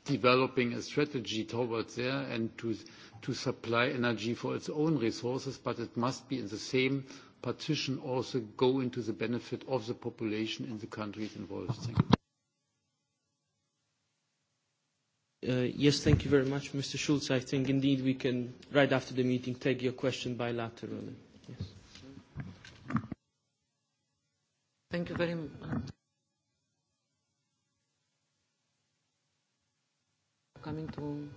Speaker 9: developing a strategy towards there and to to supply energy for its own resources, but it must be in the same partition also go into the benefit of the population in the countries involved. Thank you.
Speaker 6: Uh, yes, thank you very much, Mr. Schulz. I think indeed we can, right after the meeting, take your question bilaterally. Yes.
Speaker 1: Thank you very much. Coming to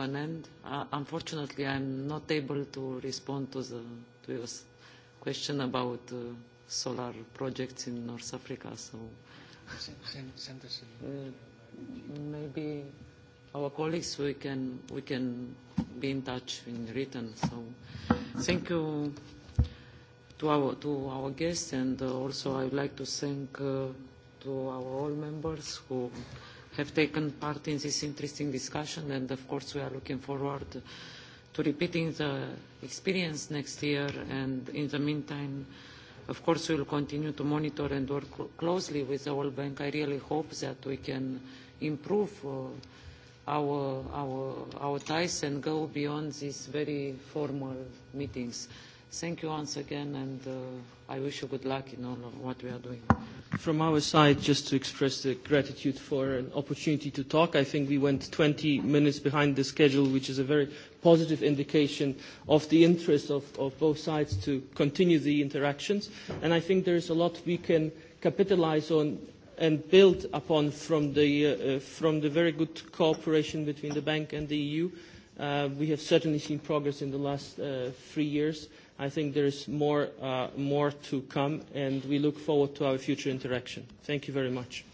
Speaker 1: an end. Uh, unfortunately, I'm not able to respond to, the, to your question about uh, solar projects in North Africa. So uh, maybe our colleagues we can we can be in touch in written. So thank you to our to our guests, and uh, also I would like to thank uh, to our all members who have taken part in this interesting discussion, and of course we are looking forward to repeating the experience next year, and in the meantime, of course, we will continue to monitor and work closely with the World Bank. I really hope that we can improve uh, our, our, our ties and go beyond these very formal meetings. Thank you once again, and uh, I wish you good luck in all of what we are doing
Speaker 6: from our side, just to express the gratitude for an opportunity to talk. I think we went 20 minutes behind the schedule, which is a very positive indication of the interest of, of both sides to continue the interactions. And I think there is a lot we can capitalize on and build upon from the, uh, uh from the very good cooperation between the bank and the EU. Uh, we have certainly seen progress in the last uh, three years I think there is more, uh, more to come, and we look forward to our future interaction. Thank you very much.